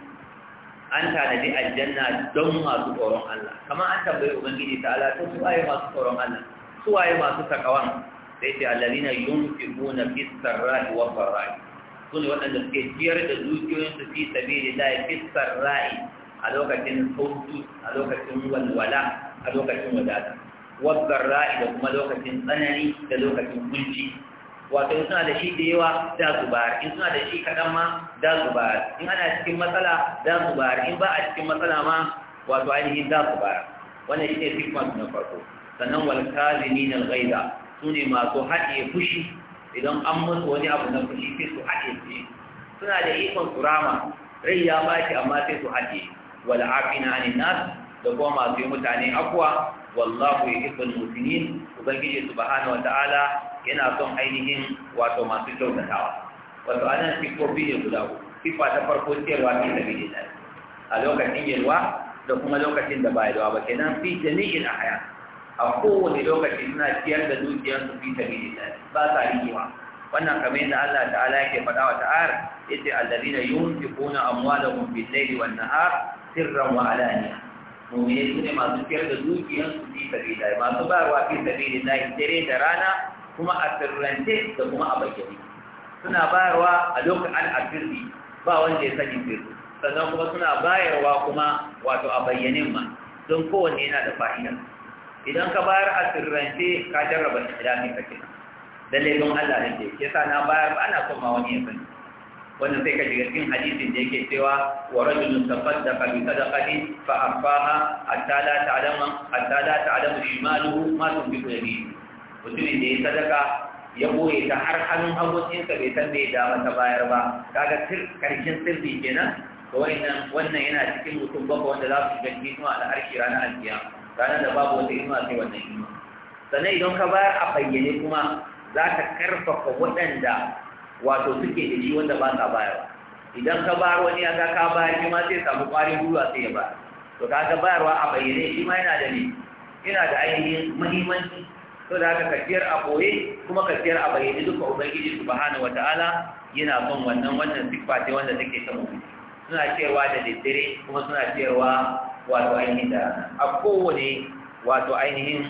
an tanadi aljanna don masu tsoron Allah kamar an tambayi ubangiji ta ala to suwaye masu tsoron Allah suwaye masu takawan sai ce allazina yunfiquna fis sarra'i wa dharra'i sune waɗanda suke ciyar da dukiyoyin su fi da fis sarra'i a lokacin sautu, a lokacin walwala a lokacin wadata wa dharra'i da kuma lokacin tsanani da lokacin kunci wato in suna da shi da yawa da zubar. in suna da shi kaɗan ma da zubar. in ana cikin matsala da zubar. in ba a cikin matsala ma wato ainihin da zubar. bayar wannan shi ne hikmat na farko sannan wal kazimin na ghaiza su ne masu haɗe fushi idan an musu wani abu na fushi sai su haɗe fushi suna da ikon kurama rai ya baki amma sai su haɗe wal afina anin nas da kuma masu yi mutane akwa wallahu yuhibbul muhsinin ubangiji subhanahu ta'ala yana son ainihin wato masu kyautatawa wato anan sifofi ne guda uku sifa ta farko ciyarwa fi sabilillah a lokacin yalwa da kuma lokacin da ba yalwa ba kenan fi jami'il ahya a kowane lokaci suna ciyar da dukiyarsu fi ta bi sabilillah ba sa rikewa wannan kamar yadda Allah ta'ala yake faɗa wa ta'ar yace allazina yunfiquna amwalahum bil-layli wan-nahar sirran wa alaniya mummune sune masu fiyar da dukiyansu fi sabila masu bayarwa fi sabila dare da rana kuma a sirrance da kuma a bayyane suna bayarwa a lokacin al'asirri ba wanda ya sani sirri sannan kuma suna bayarwa kuma wato a bayyanin ma don kowanne yana da fa'ida idan ka bayar a sirrance ka jarraba islamin ka kenan lallai don Allah ne ke sa na bayar ba ana son ma wani ya sani wannan sai ka shiga cikin hadisin da yake cewa wa rajulun tafaddaqa bi sadaqati fa afaha hatta la ta'lama hatta la ta'lamu shimaluhu ma tunfiqu yaminuhu mutumin da ya sadaka ya boye ta har hannun hagunsa bai san me da ta bayar ba kaga karshen sirri kenan to wannan wannan yana cikin mutum bakwai wanda za su shiga cikin inuwa al'arshi ranar alkiyama ranar da babu wata inuwa sai wannan inuwa sannan idan ka bayar a bayyane kuma za ka karfafa waɗanda wato suke da shi wanda ba sa bayarwa idan ka bayar wani ya ka bayar shi ma sai samu ƙwarin gwiwa sai ya ba to ka ga bayarwa a bayyane shi ma yana da ne yana da ainihin muhimmanci to da ka kafiyar a koye kuma kafiyar a bayyane duka ubangiji subhanahu wataala yana son wannan wannan siffa ce wanda take ta mu suna cewa da daddare kuma suna cewa wato ainihin da a kowane wato ainihin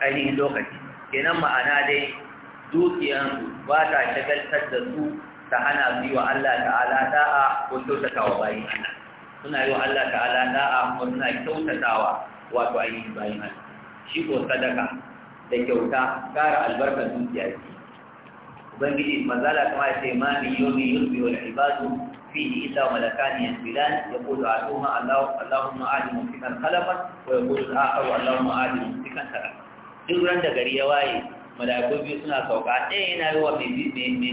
ainihin lokaci kenan ma'ana dai dukiyansu ba ta shagaltar da su ta hana su yi wa Allah ta'ala da'a ko kyautata wa bayin Allah suna yi wa Allah ta'ala da'a ko suna wa wato ainihin bayin Allah shi ko sadaka da kyauta kara albarkar dukiya ce ubangiji mazala kuma ya ce ma min yomi yurbi wal ibadu fihi illa malakani yanzilan yaqulu atuhuma allahu allahumma adi mumsikan khalafa wa yaqulu al-akhar allahumma adi mumsikan tarak duk ran da gari ya waye mala'iku suna sauka ɗaya yana yi wa mai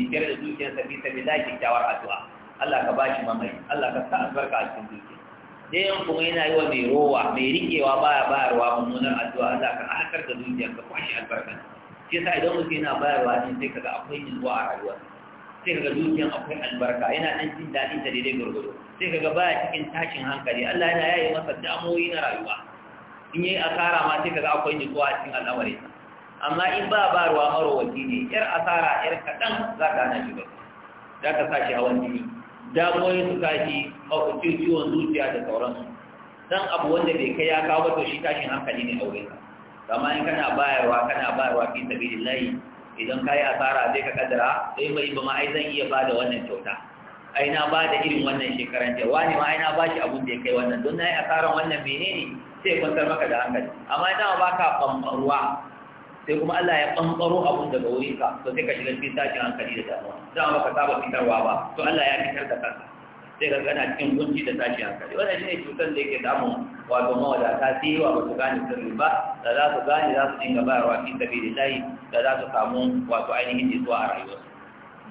biyar da dukiyarsa fi sabi da kyakkyawar addu'a Allah ka bashi mamaye Allah ka sa albarka a cikin dukiya ɗayan kuma yana yi wa mai rowa mai riƙewa baya bayarwa mummunar addu'a Allah ka halakar da dukiyar ka kwashe albarka shi yasa idan mutum yana bayarwa ne sai kaga akwai nutsuwa a rayuwa sai kaga dukiyar akwai albarka yana ɗan jin daɗin ta daidai gwargwado sai kaga baya cikin tashin hankali Allah yana yaye masa damuwoyi na rayuwa in yi asara ma sai kaga akwai yin a cikin al'amarinsa amma in ba ba ruwa wani ne yar asara yar kaɗan za ka hana shi ba za ka sa shi hawan jini damuwoyin su kashi makwacin ciwon zuciya da sauransu dan abu wanda bai kai ya kawo to shi tashin hankali ne aure ka amma in kana bayarwa kana bayarwa fi sabilillahi idan kai asara zai ka kaddara sai mai ba ma zan iya bada wannan kyauta ai na bada irin wannan shekaran jiya wani ma ai na bashi abun da ya kai wannan don nayi asaran wannan menene sai kwantar maka da hankali amma idan ba ka ruwa. sai kuma Allah ya ɓanɓaro abun daga wurin ka to sai ka shiga cikin tashin hankali da damuwa za ba ka saba fitarwa ba to Allah ya fitar da kanka sai ka gana cikin kunci da tashin hankali wannan shine cutar da yake damun wato mawadata sai yawa ba su gane sirri ba da za su gane za su dinga bayarwa fi sabilillahi da za su samu wato ainihin jituwa a rayuwarsu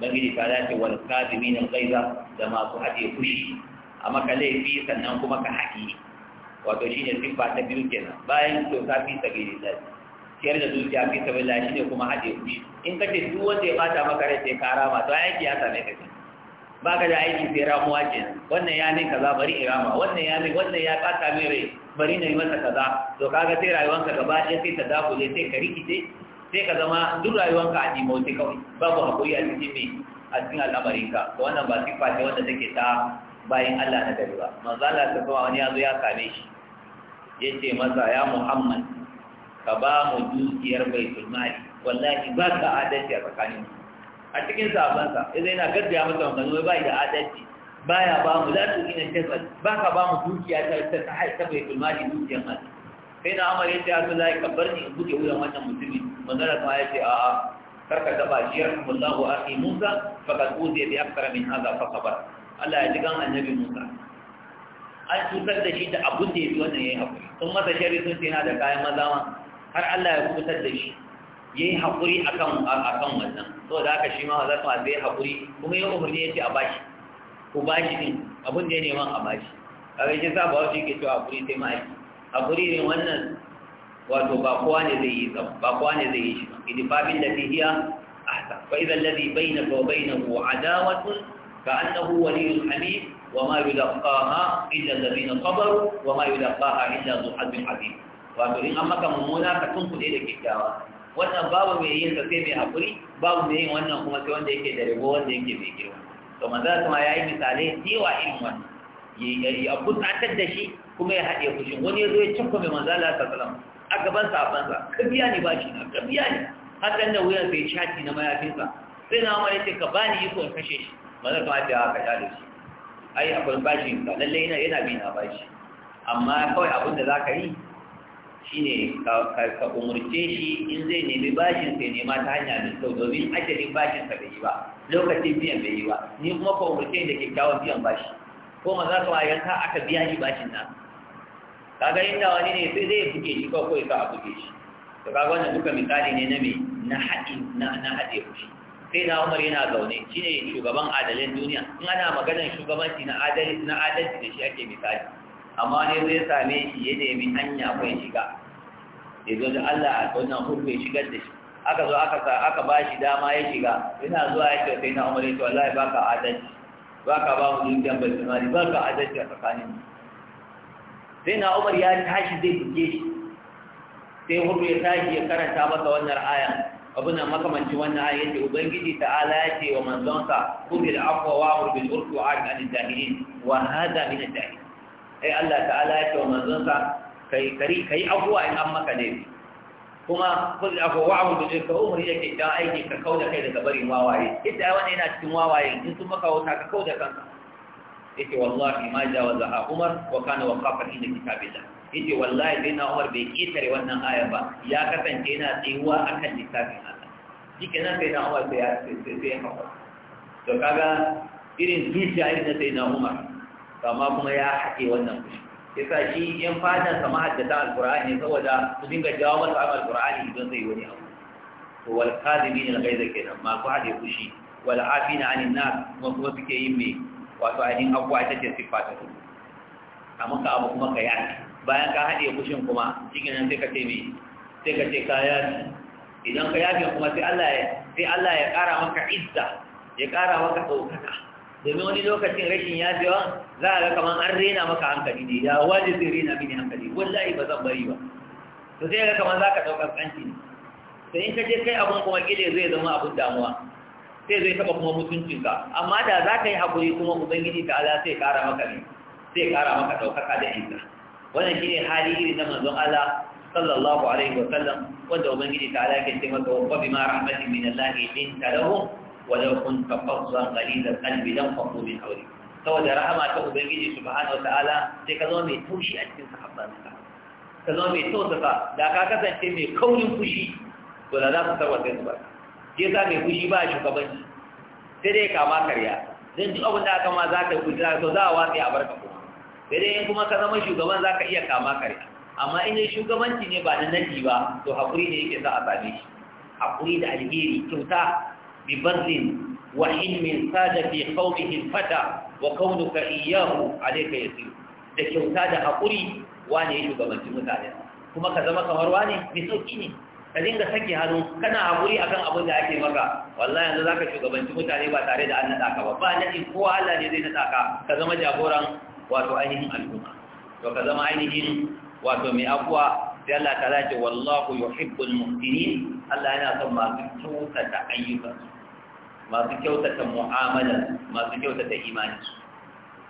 bangiji ta dace wal kadimin na ghaiza da masu haɗe fushi a maka laifi sannan kuma ka haƙi wato shine sifa ta biyu kenan bayan kyauta fi fi sabilillahi ciyar da dukiya fi ta sabilillah shine kuma haɗe shi in ka ce duk wanda ya bata maka rai sai ka rama to aiki ya same ka ce ka da aiki sai ramuwa kenan wannan ya min kaza bari in rama wannan ya min wannan ya bata min rai bari na yi masa kaza to kaga sai rayuwanka gaba ɗaya sai ta dakule sai ka rikice sai ka zama duk rayuwanka a dimauti kawai babu haƙuri a cikin me a cikin al'amarin ka. to wannan ba siffa ce wanda take ta bayan Allah na gari ba manzo Allah ta kuma wani ya zo ya same shi yace masa ya Muhammad ka ba mu dukiyar baitul mali wallahi ba ka adalci a tsakanin a cikin sabansa idan yana gaddaya masa maganganu ba da adalci Ba ya ba mu la tuqina shay'an ba ka ba mu dukiya ta ta ta baitul mali dukiyar mali sai na amar yace Abdullahi ka bar ni in guje wurin wannan mutumin manzara ta ce a a karka daba shi yarhamullahu akhi Musa faqad uziya bi akthar min haza, fa kabar. Allah ya ji gan annabi Musa an cutar da shi da abun da ya bi wannan ya yi hakuri sun masa shari sun ce na da kayan maza ma har Allah ya kubutar da shi yayi hakuri akan akan wannan to da aka shi ma za ta zai hakuri kuma ya umarni yace a bashi ku bashi din abin da ya neman a bashi kawai shi sa ba shi ke cewa hakuri sai ma aiki hakuri ne wannan wato ba kowa ne zai yi ba kowa ne zai yi shi ba idfabin da fihiya ahsan fa idza alladhi bainaka wa bainahu adawatun ka annahu waliyyun hamid wa ma yulqaha illa alladhina sabaru wa ma yulqaha illa dhu 'azmin 'azim wato in an maka mummuna ka tunkuɗe da kyakkyawa wannan babu mai yin sa sai mai haƙuri babu mai yin wannan kuma sai wanda yake da rabo wanda yake mai girma to manzo ya yayi misalai cewa irin wannan ya yi kusantar da shi kuma ya haɗe fushin wani ya zo ya cakko mai manzo Allah sallallahu alaihi wasallam a gaban sa a banza ka biya ni bashi na ka biya ni hakan da wuyan sai shati na mayafinsa sai na mara ce ka bani iko in kashe shi manzo kuma ta ka da shi ai akwai bashi ka lalle yana yana bi na bashi amma kawai abin da za ka yi shine ka umurce shi in zai nemi bashin sai nema ta hanya da sau domin ajalin bashin ka bai yi ba lokacin biyan bai yi ba ni kuma ka umurce da kyakkyawan biyan bashi ko ma za ka wayan yanka aka biya ni bashin nan ga inda wani ne sai zai buge shi ko kawai ka buge shi to kaga wannan duka misali ne na me na haɗi na na haɗe shi sai na Umar yana zaune shine shugaban adalin duniya in ana maganar shugabanci na adalci da shi ake misali amma ne zai same shi ya nemi hanya bai shiga ya zo da Allah a wannan hudu ya shigar da shi aka zo aka sa aka ba shi dama ya shiga ina zuwa ya ce sai na umar ya ce wallahi baka adalci baka ba mu dukiyar bai tunani baka adalci a tsakanin mu sai na umar ya tashi zai buge shi sai hudu ya tashi ya karanta masa wannan ayan abin na makamancin wannan ayan yace ubangiji ta'ala ya ce wa manzonsa kubil afwa wa amru bil urfi wa a'rid anil jahilin wa hada min al sai Allah ta'ala ya ce wa manzonsa kai kari kai abuwa in an maka ne kuma kullu afu wa'budu ka umri yake da aiki ka kauda kai daga barin wawaye idan wani yana cikin wawaye in sun maka wata ka kauda kanka yake wallahi ma jawaza Umar wa kana waqafan inda kitabillah yake wallahi bai Umar bai ketare wannan aya ba ya kasance yana tsayuwa akan littafin Allah shike nan sai na Umar sai ya sai ya hawa to kaga irin zuciya irin sai na Umar amma kuma ya haɗe wannan fushi yasa shi yan fadan sama haddata alqur'ani saboda su dinga jawo masa alqur'ani idan zai wani abu to wal kadibina al-ghayza kenan ma ku haɗe fushi wal afina anin nas kuma kuma suke yin me wato ainihin abuwa ita ce siffa ta su amma ka abu kuma ka yaƙi bayan ka haɗe kushin kuma cikin nan sai ka ce me sai ka ce ka yaƙi idan ka yaƙi kuma sai Allah ya sai Allah ya ƙara maka izza ya ƙara maka ɗaukaka domin wani lokacin rashin yafewa za a ga kamar an rena maka hankali ne ya waje zai rena mini hankali wallahi ba zan bari ba to sai ga kamar za ka ɗaukar kanci ne sai in ka je kai abin kuma gile zai zama abin damuwa sai zai taɓa kuma mutuncinka amma da za ka yi haƙuri kuma ubangiji ta ala sai ƙara maka ne sai ƙara maka ɗaukaka da isa wannan shine hali iri na manzon Allah sallallahu alaihi wa sallam wanda ubangiji ta ala ke ce wa bi ma rahmatin min Allah linta lahum ولو كنت فظا غليظ القلب لانفضوا من حولك saboda rahama ta ubangiji wa Ta'ala sai ka zama mai tushi a cikin sahabban ka ka zama mai tausasa da ka kasance mai kaunin fushi to da za su tarwata su ba ke sa mai fushi ba shugabanci sai dai kama karya zan ji abin da aka ma za ka yi to za a watsa a barka kuma sai dai in kuma ka zama shugaban za ka iya kama karya amma in shugabanci ne ba na nadi ba to haƙuri ne yake za a same shi haƙuri da alheri kyauta ببر وحلم ساد في قومه الفتى وكونك إياه عليك يسير da kyauta da haƙuri wane ya shugabanci mutane kuma ka zama kamar wane mai sauƙi ne ka dinga sake hannu kana haƙuri akan abin da ake maka wallahi yanzu zaka shugabanci mutane ba tare da an naɗa ka ba ba naɗin kowa Allah ne zai naɗa ka ka zama jagoran wato ainihin al'umma to ka zama ainihin wato mai abuwa sai Allah ta lace wallahu yuhibbul muhsinin Allah yana son masu kyautata ayyukansu masu kyautata mu'amalar masu kyautata imani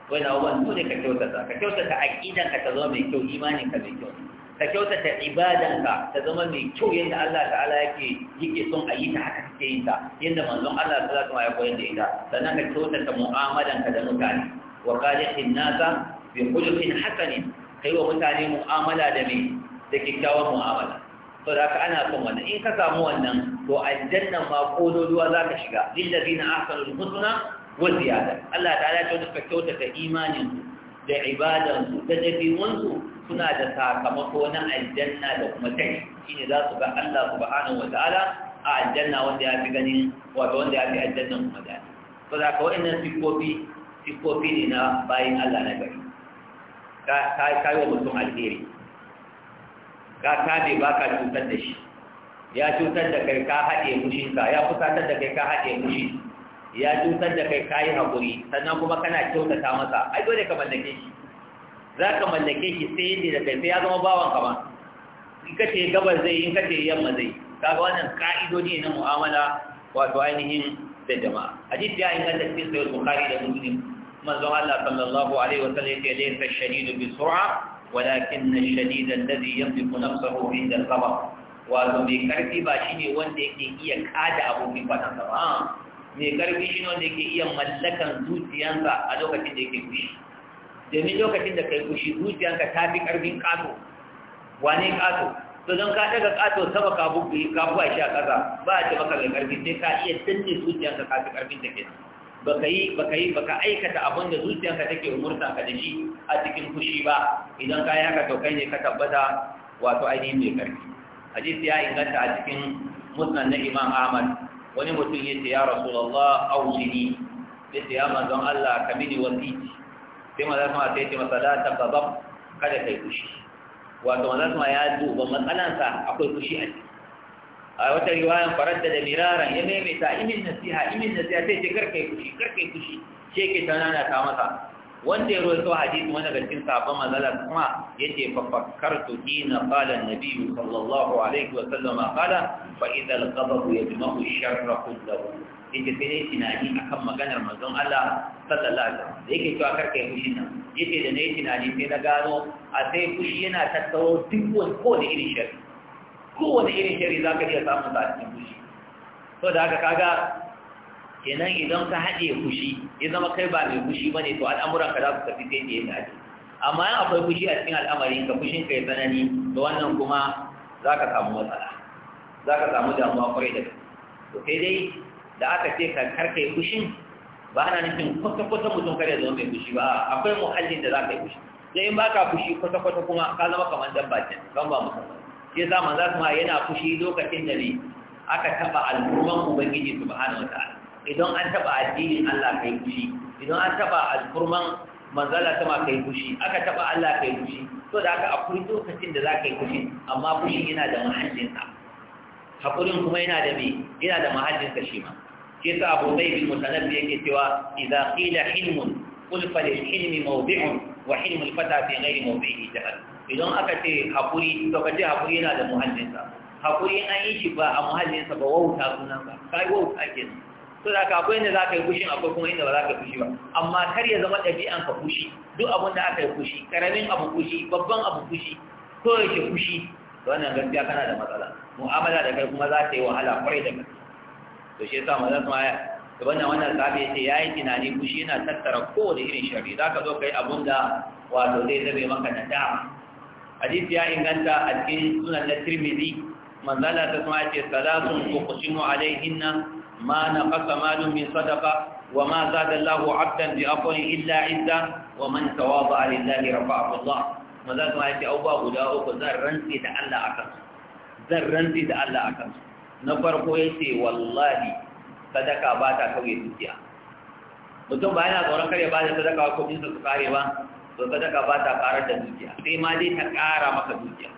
wani su ne ka kyautata ka kyautata aƙidanka ta zama mai kyau imaninka mai kyau ka kyautata ibadanka ta zama mai kyau yadda Allah ta'ala yake yake son a yi ta haka take yin ta yadda manzon Allah ta zama ya koyar da ita sannan ka kyautata mu'amalanka da mutane wa qalihin nasa bi khuluqin hasanin kai wa mutane mu'amala da mai da kyakkyawan mu'amala to da ka ana son wannan in ka samu wannan to aljanna ma kololuwa za ka shiga lillazi na asalin husna wa ziyada Allah ta ala ta suka kyautata imaninsu da ibadansu da dabi'unsu suna da sakamako na aljanna da kuma tai shine za su ga Allah subhanahu wa ta'ala a aljanna wanda ya fi ganin wato wanda ya fi aljanna kuma da to da ka nan sikofi sikofi ne na bayin Allah na gari ka ka yi wa mutum alheri ka ka bai baka cutar da shi ya cutar da kai ka haɗe mushinka ya fusatar da kai ka haɗe mushi ya cutar da kai ka yi haƙuri sannan kuma kana kyautata masa ai dole ka mallake shi za ka mallake shi sai yadda da kai sai ya zama bawan ka ba in ka ce gabar zai in ka ce yamma zai kaga wannan ka'idodi na mu'amala wato ainihin da jama'a hadisi ya inganta cikin sahih bukhari da muslim manzon Allah sallallahu alaihi wa sallam yake laysa shadidu bi sur'a walakin ash-shadid alladhi yamliku nafsahu inda al-khabar wato mai karfi ba shi ne wanda yake iya kada abokin fadansa ba mai karfi shi ne wanda yake iya mallakan zuciyansa a lokacin da yake kushi domin lokacin da kai kushi zuciyanka ta fi karfin kato wane kato to don ka daga kato sama kabuwa shi a ƙasa ba a ce maka mai karfi sai ka iya danne zuciyanka ka fi karfin da ke. baka yi baka yi baka aikata abin da zuciyanka take umurta ka da shi a cikin fushi ba idan ka yi haka to kai ne ka tabbata wato ainihin mai karfi hadisi ya inganta a cikin musnan na imam ahmad wani mutum ya ce ya rasulullah awsini ya ce ya manzon Allah ka mini wasiti sai manzon Allah sai ce masa la taqab kada kai fushi wato manzon Allah ya duba matsalansa akwai fushi a ciki a wata riwayan faranta da miraran ya maimaita imin nasiha imin nasiha sai ce karkai fushi kai fushi sai ke tanana ta masa wanda ya rawaito hadisi wanda ga cikin sahabban manzala kuma yace fa fakkartu hina qala an-nabi sallallahu alaihi wa sallam qala fa idha al-ghadab yajma'u sharra kullahu yake sai ne tunani akan maganar manzon Allah sallallahu alaihi wa sallam yake cewa karka yi fushi nan yace da ne tunani sai na gano a sai fushi yana tattawo duk wani ko da irin shari ko wani irin shari zaka iya samun sa a cikin fushi to da haka kaga kenan idan ka haɗe fushi ya zama kai ba mai fushi ba ne to al'amuran ka za su tafi sai da ya dace amma yan akwai fushi a cikin al'amarin ka fushin ka ya tsanani to wannan kuma za ka samu matsala za ka samu damuwa kwarai da kai. to sai dai da aka ce ka karka yi fushin ba na nufin kwata-kwata mutum kar ya zama mai fushi ba akwai muhallin da za ka yi fushi sai in ba ka fushi kwata-kwata kuma ka zama kamar dabba ce don ba musamman shi ya za su kuma yana fushi lokacin da ne aka taɓa al'umman ubangiji subhanahu wa ta'ala idan an taba addinin Allah kai fushi idan an taba alfurman manzala ta ma kai fushi aka taba Allah kai fushi to da aka akwai lokacin da za ka yi fushi amma fushi yana da mahajjinsa hakurin kuma yana da me yana da mahajjinsa shi ma ke sa abu zai bin mutanabbi yake cewa idza qila hilmun qul fa lil hilmi mawdi'un wa hilmul fata fi ghairi mawdi'ihi jahal idan aka ce hakuri to kace hakuri yana da muhallinsa hakuri an yi shi ba a muhallinsa ba wauta ba kai wauta kenan so da ka akwai inda za ka yi fushi akwai kuma inda ba za ka yi fushi ba amma kar ya zama ɗabi'an ka fushi duk abin da aka yi fushi ƙaramin abu fushi babban abu fushi ko ya yake fushi Da wannan gaskiya kana da matsala mu'amala da kai kuma za ta yi wahala kwarai da gaske to shi yasa maza su maya Da wannan wannan sahabi ya ce ya yi tunani fushi yana tattara kowane irin shari za ka zo ka yi abin da wato zai zame maka na dama hadisi ya inganta a cikin sunan na tirmidhi manzala ta kuma ce salatun uqsimu nan. ما نقص مال من صدقة وما زاد الله عبدا بأفضل إلا عزة ومن تواضع لله رفعه الله ماذا ما يأتي أوبا غداؤك ذرنتي تألا أكس ذرنتي تألا أكس نفرقو يتي والله صدقة باتا كوي تتيا mutum ba yana tsoron kare ba da sadaka ko bin su kare ba to sadaka ba ta karar da dukiya sai ma dai ta kara maka dukiya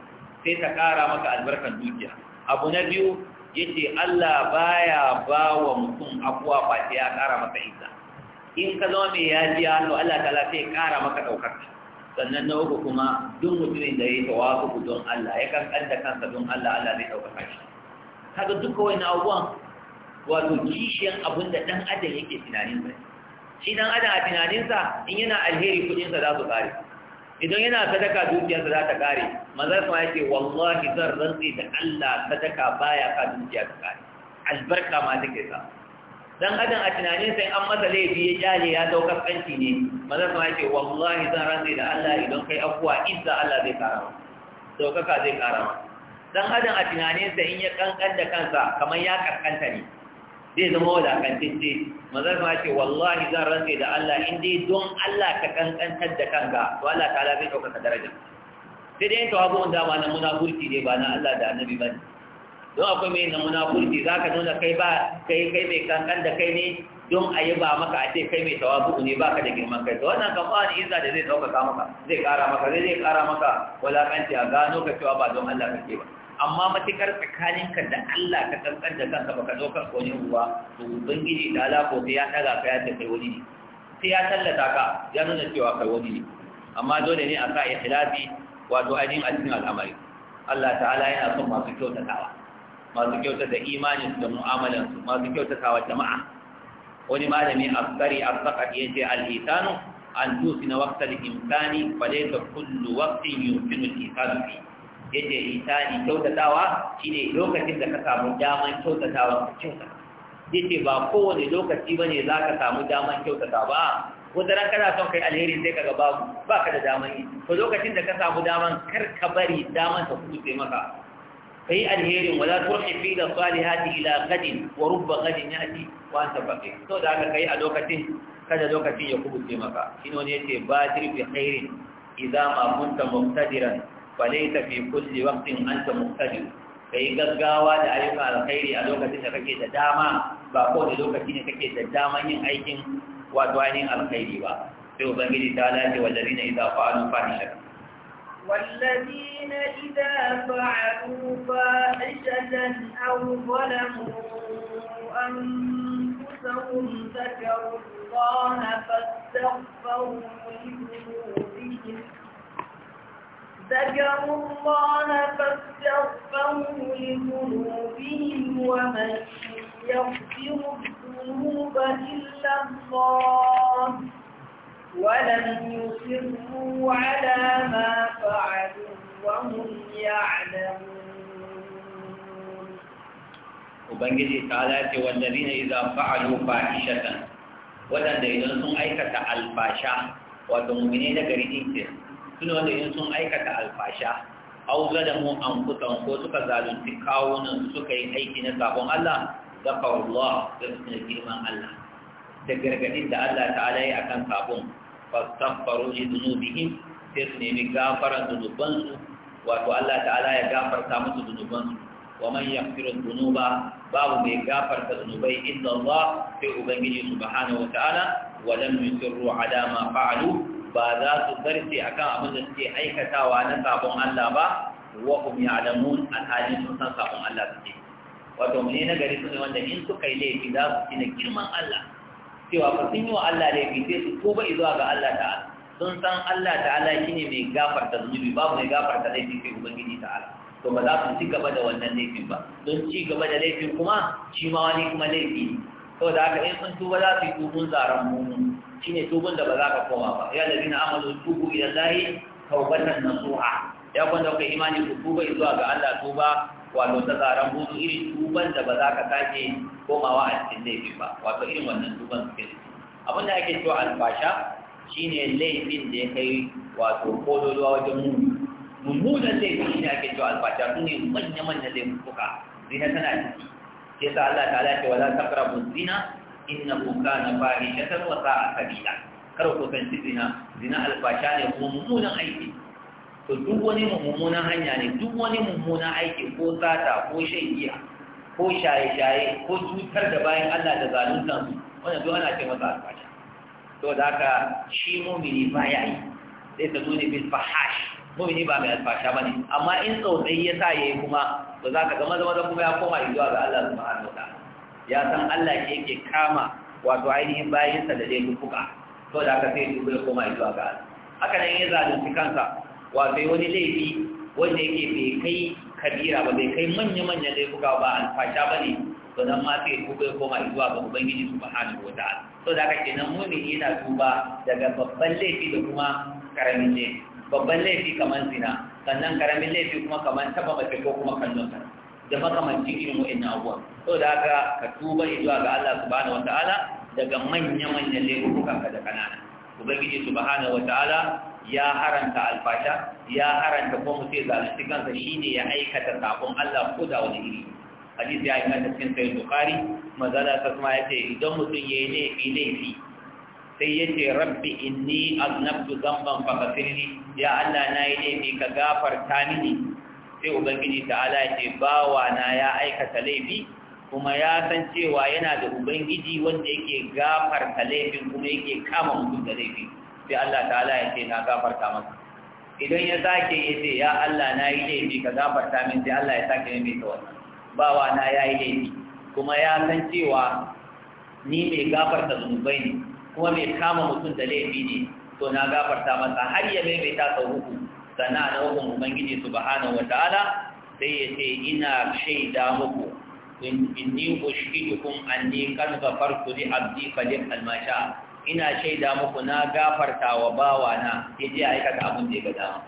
sai ta kara maka albarkar dukiya abu na biyu yace Allah baya ba wa mutum abuwa ba sai ya kara maka isa in ka zama mai yajiya to Allah ta sai ya kara maka daukar sannan na uku kuma duk mutumin da ya yi tawafu don Allah ya kan da kansa don Allah Allah zai ɗauka shi kaga duka wani abubuwan wato kishiyan abun da ɗan adam yake tunanin sa shi ɗan adam a tunaninsa in yana alheri kuɗinsa za su ƙare idan yana sadaka dukiyarsa za ta kare mazar kuma yake wallahi zan rantsi da Allah sadaka baya ka dukiya ta kare albarka ma take sa dan adam a tunanin sai an masa laifi ya kyale ya dau kaskanci ne mazar kuma yake wallahi zan rantsi da Allah idan kai afuwa izza Allah zai kara ma daukaka zai kara ma dan adam a tunanin sai in ya kankan da kansa kamar ya kaskanta ne zai zama titi, mazar ma ce wallahi zan rantse da Allah in dai don Allah ka kankantar da kanka to Allah ta lafi ɗaukaka daraja sai dai tawabu da ma na munafurci ne ba na Allah da annabi ba ne don akwai mai na munafurci za ka nuna kai ba kai kai mai kankan da kai ne don a yi ba maka a ce kai mai tawabu ne ba ka da girman kai to wannan kan fa'ani ni izza da zai ɗaukaka maka zai ƙara maka zai ƙara maka walakanci a gano ka cewa ba don Allah kake ba amma matukar tsakaninka da Allah ka kankan da kanka baka zo kan wani ruwa to ubangiji da ala ko sai ya daga ka ya tafi wani ne sai ya tallata ka ya nuna cewa kai wani ne amma dole ne a sa ikhlasi wato ainihin a cikin al'amari Allah ta'ala yana son masu kyautatawa masu kyautata imanin da mu'amalan su masu kyautatawa jama'a wani malami asqari asqat yace al-ihsanu an tusina waqtal imkani fa laysa kullu waqtin yumkinu al-ihsanu yadda isani kyautatawa shine lokacin da ka samu daman kyautatawa ka kyautata. zai ce ba kowane lokaci ba ne za ka samu daman kyautata ba wata ran kana son kai alheri sai kaga babu ba ka da daman yi Ko lokacin da ka samu daman kar ka bari daman ta kudu sai maka yi alherin ta turhi fi da hati ila gadin wa rubba gadin yati wa anta baqi So da aka kai a lokacin kada lokacin ya sai maka ne wani ce ba bi hairin idza ma kunta muqtadiran falaita fi kulli waqtin anta muqtadir kai gaggawa da ayyuka alkhairi a lokacin da kake da dama ba ko da lokacin ne kake da dama yin aikin wato ainihin alkhairi ba sai ubangiji ta lace wallazina idza fa'alu fahishatan والذين إذا فعلوا فاحشة أو ظلموا أنفسهم ذكروا الله فاستغفروا لذنوبهم ذكروا الله فاستغفروا لذنوبهم ومن يغفر الذنوب إلا الله ولم يصروا على ما فعلوا وهم يعلمون Ubangiji ta dace wallazina idza fa'alu fahishatan wadanda idan sun aikata alfasha wato mu'mine da gari din suna wanda in sun aikata alfasha au zalamu anfusahum ko suka zalunci kawunan suka yi aiki na sabon Allah zakarullah da suna girman Allah da gargadin da Allah ta'ala yi akan sabon fastaghfaru li dhunubihim sai su nemi gafaran dhunubansu wato Allah ta'ala ya gafarta musu dhunubansu wa man yaghfiru dhunuba babu mai gafarta dhunubai illa Allah sai ubangiji subhanahu wa ta'ala wa lam yusirru ala ma fa'alu ba za su a kan abin da suke aikatawa na sabon Allah ba wa hum ya'lamun alhalin sun san sabon Allah suke wato mu ne na gari su ne wanda in suka yi laifi za su tina girman Allah cewa ba sun yi wa Allah laifi sai su tuba zuwa ga Allah ta'ala sun san Allah ta'ala shine mai gafarta zunubi babu mai gafarta laifi sai ubangiji ta'ala to ba za su ci gaba da wannan laifin ba don ci gaba da laifin kuma shi ma wani kuma laifi saboda haka in sun tuba za su yi tubun tsaron shi ne tubun da ba za ka koma ba ya lalina amalu tubu ila nan na nasuha ya kwanta kai imani ku tuba zuwa ga Allah tuba wato ta tsaron mutu irin tuban da ba za ka sake komawa a cikin laifin ba wato irin wannan tuban kai abin da ake cewa albasha shine laifin da ya kai wato kololuwa wajen muni mummunan laifin ne ake cewa albasha su ne manya-manyan suka zina tana ciki sai sa Allah ta'ala ce wala taqrabu zina innahu kana fahishatan wa sa'a sabila kar ku san zina zina alfasha ne kuma mummunan aiki to duk wani mummunan hanya ne duk wani mummunan aiki ko sata ko shan ko shaye-shaye ko cutar da bayan Allah da zaluntan su wannan duk ana ce masa alfasha to da haka shi mumini baya yi sai ta zo ne bil fahash mumini ba mai alfasha ba ne amma in tsautsayi ya sa ya yi kuma ba za ka ga maza maza kuma ya koma zuwa ga Allah subhanahu wa ya san Allah ke ke kama wato ainihin bayansa da zai dukuka to da aka sai dubu ya koma zuwa ga Allah haka nan ya zalunci kansa wato wani laifi wanda yake bai kai kabira ba bai kai manya-manyan laifuka ba alfasha ba ne to nan ma sai dubu ya koma zuwa ga ubangiji su wa ta'ala to da aka kenan mumini yana duba daga babban laifi da kuma karamin laifi babban laifi kamar zina sannan karamin laifi kuma kamar taba mace ko kuma kallon ta da makamancin irin wa'annan abuwa so da haka ka tuba zuwa ga Allah subhanahu wataala daga manya-manyan laifukan ka da kanana ubangiji subhanahu wataala ya haranta alfasha ya haranta ko mutum zalunci kansa shine ya aikata sakon Allah ko da wani iri hadisi ya inganta cikin sahih bukari manzala ta kuma ce idan mutum yayi laifi laifi sai ya ce rabbi inni aznabtu zamban faghfirli ya Allah na yi laifi ka gafarta mini sai ubangiji ta'ala ya ce bawa na ya aikata laifi kuma ya san cewa yana da ubangiji wanda yake gafarta laifin kuma yake kama mutum da laifi sai Allah ta'ala ya ce na gafarta masa idan ya sake ya ce ya Allah na yi laifi ka gafarta min sai Allah ya sake mai ta wannan bawa na ya yi laifi kuma ya san cewa ni mai gafarta zunubai ne kuma mai kama mutum da laifi ne to na gafarta masa har ya maimaita sau uku sannan na nau'in ubangiji subhanahu wa ta'ala sai ya ce ina shaida muku an ni kan ka ghafartu ni abdi falim almasha ina shaida muku na gafarta wa bawana yaje aikata abin da ya ga dama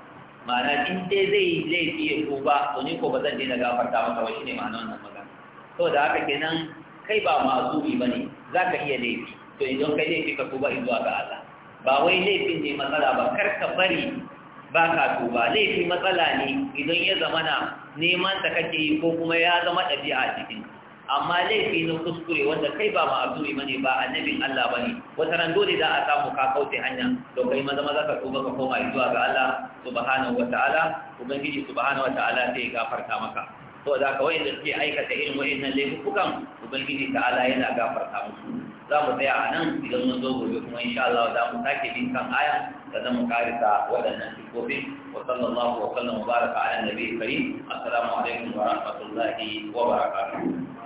ma'ana in dai zai laifi ya ba, to ni ko ba zan daina gafarta maka ba shine ma'anar wannan magana to da haka kenan kai ba ma'azuri bane zaka iya laifi to idan kai laifi ka tuba zuwa ga Allah ba wai laifin ne matsala ba kar ka bari ba ka tuba laifi matsala ne idan ya zama na neman ta kake yi ko kuma ya zama ɗabi'a a cikin amma laifi na kuskure wanda kai ba ma'azumi bane ba annabin Allah bane wata ran dole za a samu ka kauce hanya to kai maza maza ka tuba ka koma zuwa ga Allah subhanahu wataala ubangiji subhanahu wataala sai ya gafarta maka to da ka da suke aikata irin wayannan laifukan ubangiji ta'ala yana gafarta musu za mu tsaya a nan idan mun zo gobe kuma insha Allah za mu sake bin kan aya sannan mu karisa waɗannan sifofin wa sallallahu wa sallam wa baraka ala nabiyyi karim assalamu alaikum wa rahmatullahi wa barakatuh